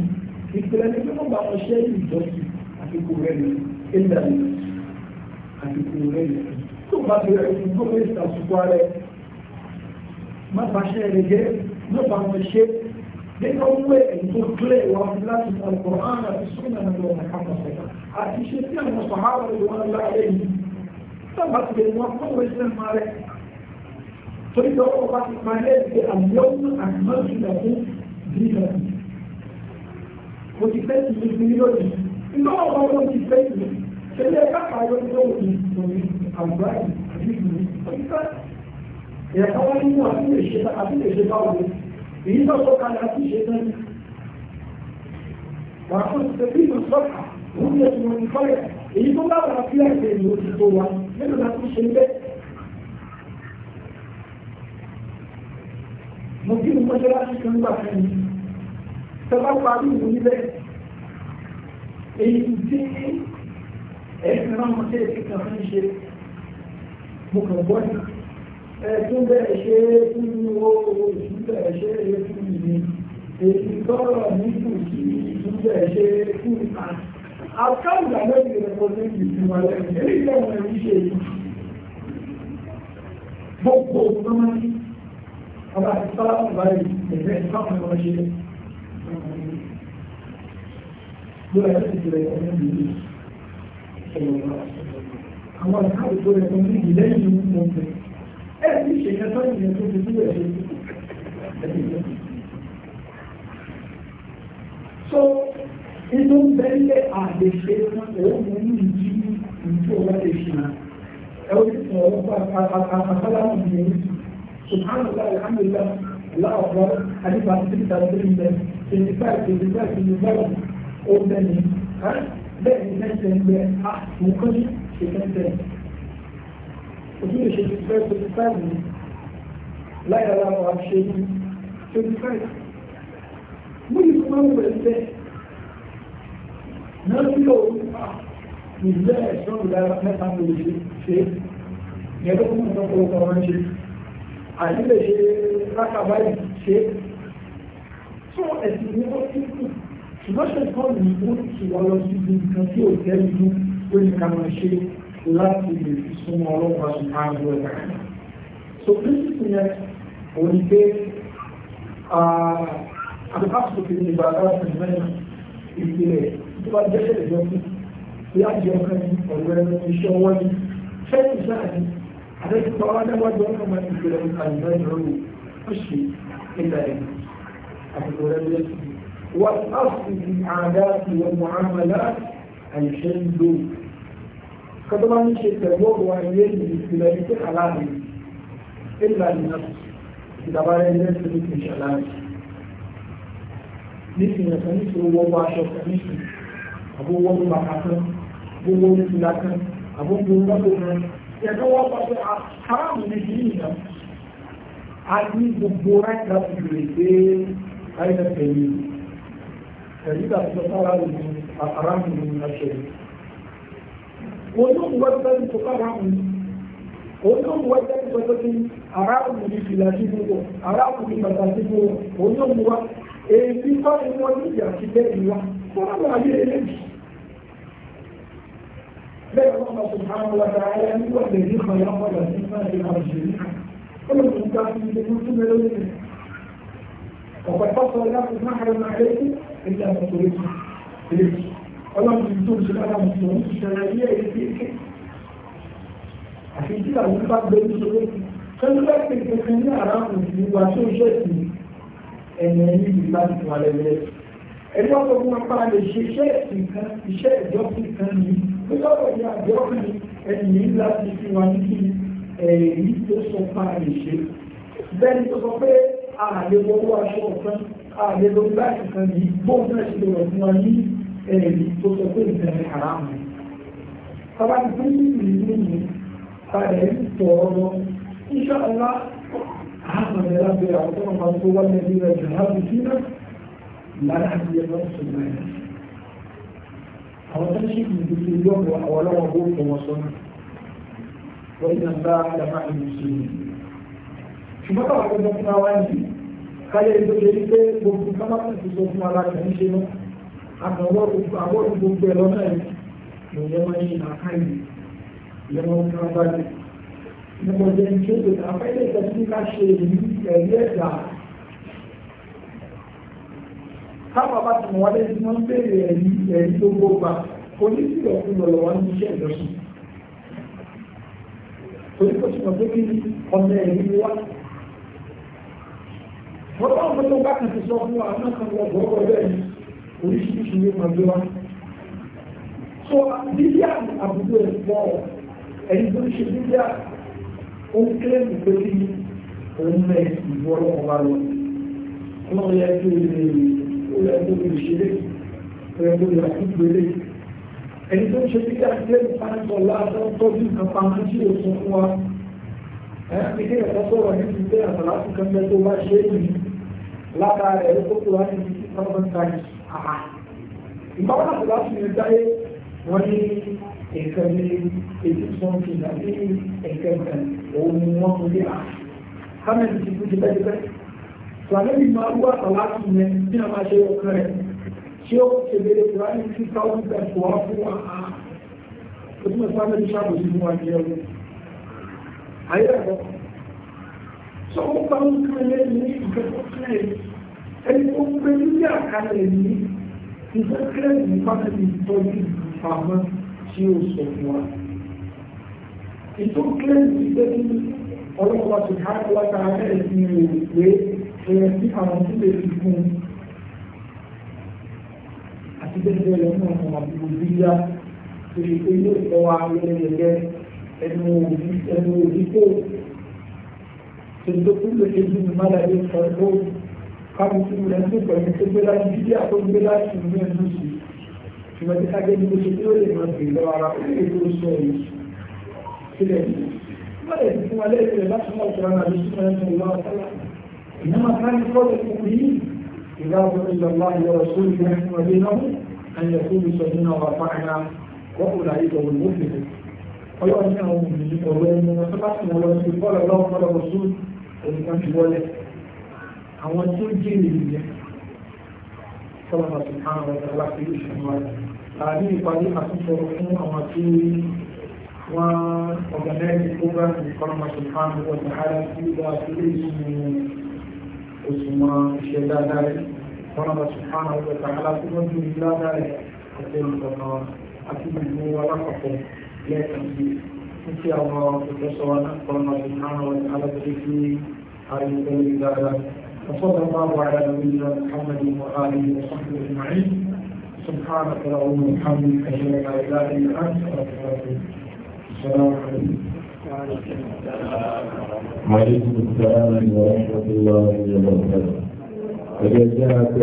Ìpìlẹ̀ ní kí wọ́n bá wọn ṣe ìjọsìn àtìkù rẹ̀ ní ilẹ̀ àtìkù rẹ̀ ní. Tó bá bẹ̀rẹ̀ ìgbóhùn ìtàkùn ara ẹ̀, má bàa ṣe ẹ̀rẹ̀ jẹ́, nínú owó èyí tó kílẹ̀ wọn fi láti mọ Al-Qur'an àti súnmọ́ ní ọmọ Muhammad sọ̀rọ̀ àti ṣe tí àwọn sọ̀háwà rẹ̀ wọn láàrẹ̀ yìí sábà ti lè wọn fún wọn ṣe máa rẹ̀ torí pé ọkọ̀ bá ti pa ilé ìgbé àyẹ̀wò àmọ́sí lẹ́kún bí lẹ́nu mo ti fẹ́ ti fi lónìí nínú ọ̀rọ̀ wọn ti fẹ́ ti ṣẹlẹ̀ káfà yọ ní òun ìtòrí àgbà ìdíjú ìfẹ́ ìyàtọ̀ wọn ní wọn àbí lè ṣe èyí tó tó kalẹ̀ àti ìṣẹ́jọ́ ni wàá tó ti tẹ̀lé ìlú sọ́kà òun yẹ ti wọ́n fọ́lẹ̀ èyí tó bá sí ẹ̀sẹ̀ ìlú ti wa nínú la tó ṣe bẹ́ẹ̀. mo kí ni mọ́ṣẹ́ láti kan gbà fún mi tọ́lá parí ìlú níbẹ̀ èyí tí ẹ̀sìn náà mọ́ṣẹ́ ìṣẹ́ kan fún ṣe mo kàn gbọ́ nípa ẹ̀sùn bẹ́ẹ̀ ṣe é fún ní kù sí ìṣú bẹ́ẹ̀ gbogbo ọmọ máa ọba àti sálámù báyìí ẹ̀rẹ́ ìfáwọn ṣe é. lórí ẹ̀rí ti rẹ̀ ọmọ mi ní ọmọ náà. àwọn àkáǹtì tó rẹ̀ ẹ̀ sì ṣèyẹn tó ìyẹn tó ti sílẹ̀ ṣe so inú bẹ́lẹ̀ àgbèṣe fún òun ní ìdí ìdí ọwọ́ lè ṣe náà ẹ̀wọ́n ti sọ̀rọ̀ àpálámù ní ẹ̀rí subhanallah alhamdulillah aláwọ̀ àdìbà three thousand and ten twenty five twenty five twenty five ó bẹ́ẹ̀ ni bẹ́ẹ̀ ni ten ten bẹ́ẹ̀ ah mo kọ́ ní ten ten ojú lè ṣe twenty five twenty five ni láyà láwọn àṣẹ ní twenty five mo yìí fún àwọn ọ̀rẹ́ bẹ́ẹ̀ náà sí òun ìlú ẹ̀ṣọ́ ìlera mẹ́ta mo lè ṣe yẹn tó kún ìtọ́kọ̀ ọkọ̀ wọn ṣe àti lè ṣe rákàbá yìí ṣe tó ẹ̀sìn ní wọ́n ti kù ṣùgbọ́n ṣe kọ́ ní ó ti wọ́n lọ sí ibi nǹkan tí ò tẹ́lẹ̀ ní ní ká ṣe láti lè fi súnmọ́ ọlọ́pàá sí ààbò ẹ̀dá. So píríncípù yẹn ò ní pé àbíkásùkò kìí ní bàbá ọ̀sẹ̀ mẹ́rin ìpìlẹ̀ tó bá jẹ́sẹ̀ lè jọ bí a jẹ ní ọ̀rọ̀ ẹ̀rọ iṣẹ́ ọwọ́ ni fẹ́ẹ̀tì sáà ni àdéhùn ọwọ́ adáwájú ọkàn máa ń gbèrè àyùbá ìrọ̀rù ó ṣe nígbà yẹn kọ́tọ́ bá ní ṣe pẹ̀lú ọ̀rọ̀ ẹ̀yẹ ìpìlẹ̀ ní pé aláàbò ìlà ìlà ìdàbára ẹgbẹ́ tó ní kì í ṣàlàyé ní ìpìlẹ̀ kan ní ìṣòro wọ́wọ́ aṣọ kan ní ìṣòro àbó wọ́wọ́ bàtà kan gbogbo ní ìlà kan àbó gbogbo mọ́tò kan ẹ̀ka wọ́n bá fẹ́ ah, haramu ní kì í nìyà a ní gbogbo right láti lè dé ayẹyẹ pẹ̀lú ẹ̀rí ìdàgbàsọ́ sára ní aṣọ yìí ونوم وزن تقرأ olóòmù wa jẹ́ ìpẹ́tọ́ sí aráàlú ní ìlàjì gbogbo aráàlú ní pàtàkì gbogbo olóòmù wa èyí bá ní wọ́n ní ìyà ti jẹ́ ìwà fọ́nà wà ní eléjì bẹ́ẹ̀ wọ́n bá tún àwọn ọ̀dà ayé ní wọ́n lè ní ìfọ̀yà ọ̀dà sí náà ní àwùjọ yìí olóòmù ta fi ní ìlú tún mẹ́lẹ́ lónìí ọ̀pọ̀ ìfọ̀sọ̀ láti máa rẹ̀ máa lé sí ìlú àtọ̀tọ̀ ọlọ́run tó ń ṣe lára mùsùlùmí ti ṣẹlẹ̀ ní èyí kéèké àti tí àwọn bá gbé ní ṣòro tẹ́lú bá pè pèsè ní àràkù ní wa tó ń ṣẹ̀sì ẹ̀yìn ẹ̀yìn ìlú láti fún alẹ́ rẹ̀ ẹ̀yìn ọ̀pọ̀ fún apá lè ṣe iṣẹ́ ẹ̀sìn kan iṣẹ́ ìjọsìn kan ní nígbàgbọ́ ní àjọkùn ẹ̀yìn ìlú láti fi wa ní kí ẹ̀yìn tó sọ pa lè bẹ́ẹ̀ni tó sọ pé àlè lọ́wọ́ aṣọ ọ̀kan àlè lọ́wọ́ láti kan ní gbóhùn náà ṣe lọ́wọ́ fún wa ní ẹ̀rí tó sọ pé nǹkan ní haram ni. Bàbá mi fún mi sì ní mi padà ẹ̀ ń tọ̀ ọ́ lọ. Iṣẹ́ ọlá àmọ̀ ẹ̀ lábẹ́ àwọn tó máa tó wá lẹ́bí rẹ̀ jù lábẹ́ sí náà. Lára àti ẹ̀ lọ́wọ́ sọ náà yẹn. Àwọn tó ń ṣe ìdí ti yọ̀ wọ àwọn ọlọ́wọ́ bó fọ wọn sọ́nà. Wọ́n ti nàbá àdàmà ìlú sí i. Ṣùgbọ́n káwọn ọ̀gbọ́n fún wa wá yìí. Kálẹ̀ ìgbésẹ̀ yìí pé gbogbo kámá àmọ́ àwọ̀dù gbogbo ẹ̀ lọ́nà ẹ̀ ló yẹ wọ́n ní àkáyè yẹ wọ́n ká báyìí. Nípa ọjọ́ ní tó tó àfẹ́lẹ́ ìtẹ́sí ká ṣe èyí ẹ̀rí ẹ̀dá. Káwọn bá ti mọ̀ wálé tí wọ́n ń béèrè ẹ̀rí ẹ̀rí tó gbogbo onísìlẹ̀ fún lọ́lọ́ wọn ní iṣẹ́ ìjọsìn. Torí kò sí mọ̀ pé kí ọmọ ẹ̀rí ni wá wọ́n bá wọn tó bá kàn oríṣiríṣi ní ọjọ́ wa. so bíbí àbúrò ẹ̀ pọ̀ ẹni tó ń ṣe bíbí à ó ń kéré nípa sí òun mẹ́ ìwọ ọlọ́wọ́ bá lọ. ọlọ́wọ́ yẹ kí o lè o yẹ kó o lè ṣe lé o yẹ kó o lè àkúgbé lé. ẹni tó ń ṣe bíbí à kéré nípa ń sọ láàárọ̀ tọ́jú nǹkan pamọ́ sí òkun fún wa. ẹ̀ ẹ́ kékeré ẹ̀kọ́ sọ̀rọ̀ ní ti bẹ́ẹ̀ àtàlà ìgbà wọn àti láti lè dáyé wọn ní nǹkan ní èyí tó ń fi ní nǹkan kan òun wọn kò lè rà kámẹ́lì ti kú ti pẹ́ẹ́pẹ́ sàlẹ́bí máa wú àtàlá sí yẹn bí a máa ṣe ọkàn rẹ̀ tí ó ṣe béèrè tí wọ́n ní two thousand and four fún wa á ó túnbọ̀ sábẹ́ ní ṣàkóso fún wa jẹ́ ọdún ayé ẹ̀kọ́ sọ wọ́n pa ń ní ìfẹ́ tó kílẹ̀ ẹni tó ń gbé nílé àkàlẹ̀ yìí ìfẹ́ kírẹ́dì ìfásitì ìtọ́jú ìfàmọ́ tí ó sọ fún wa. ìtò kírẹ́dì ìgbé ní ọlọ́pàá ti ká wáta abẹ́rẹ́ sí rẹ̀ pé ẹ̀yẹ sí àwọn tó lè fi fún un. àti bẹ́ẹ̀ bẹ́ẹ̀ lọ́nà ọmọ àbúrò bíyá tó ṣe pé yóò sọ wa lẹ́yẹ̀yẹ́ ẹnu òbí kó. tòun tó kúrò lè ṣe bí mi má láyé sọ lóòrùn káàkiri rẹ̀ tó pẹ̀lú tó gbé láti bí àpò gbé láti ní ẹnu sí ṣùgbọ́n tí kájẹ́ ní oṣù tí ó lè máa bèèrè lọ́wọ́ ara ó lè tó sọ èyí sílẹ̀ ní. wọ́n lè fún wa lẹ́yìn rẹ̀ láti mọ̀ ọ̀tọ̀ ara lóṣù tó ń bọ̀ lọ́wọ́ sálá. ìyá máa ká ní kọ́ lóṣù kù yìí ìgbà ọ̀pọ̀ ìjọba ìyọ̀rọ̀ sórí rẹ̀ fún ọdẹ náà ẹni ẹ̀kú mi sọ nínú ọ̀rọ̀ fáìnà wọ́pùlà ìjọba ìwọ́pùlà ọlọ́run ní àwọn òmìnir àwọn tí ó jèrè ìyẹn sọ́wọ́n àti àwọn ọ̀tá láti ìṣẹ̀lẹ̀ wa tàbí ìparí àtúntò fún àwọn tí wọ́n ọ̀gánáìsì program ìkọ́nàmọ́ ṣùgbọ́n ọ̀tá ara tí ó dáa sí ìṣẹ̀lẹ̀ òṣùwọ̀n iṣẹ́ dáadáa rẹ̀ kọ́nàmọ́ ṣùgbọ́n ọ̀tá ara tí wọ́n jù dáadáa rẹ̀ àti ìrìnkọ̀nà àti ìlú alákọ̀ọ́kọ́ lẹ́ẹ̀kan sí títí àwọn òṣèṣọ́ wọn kọ́nàmọ́ ṣùgbọ́n وصلى الله على نبينا محمد وآله وصحبه أجمعين سبحانك اللهم وبحمدك أشهد أن لا إله إلا أنت أستغفرك السلام عليكم وعليكم السلام ورحمة الله وبركاته.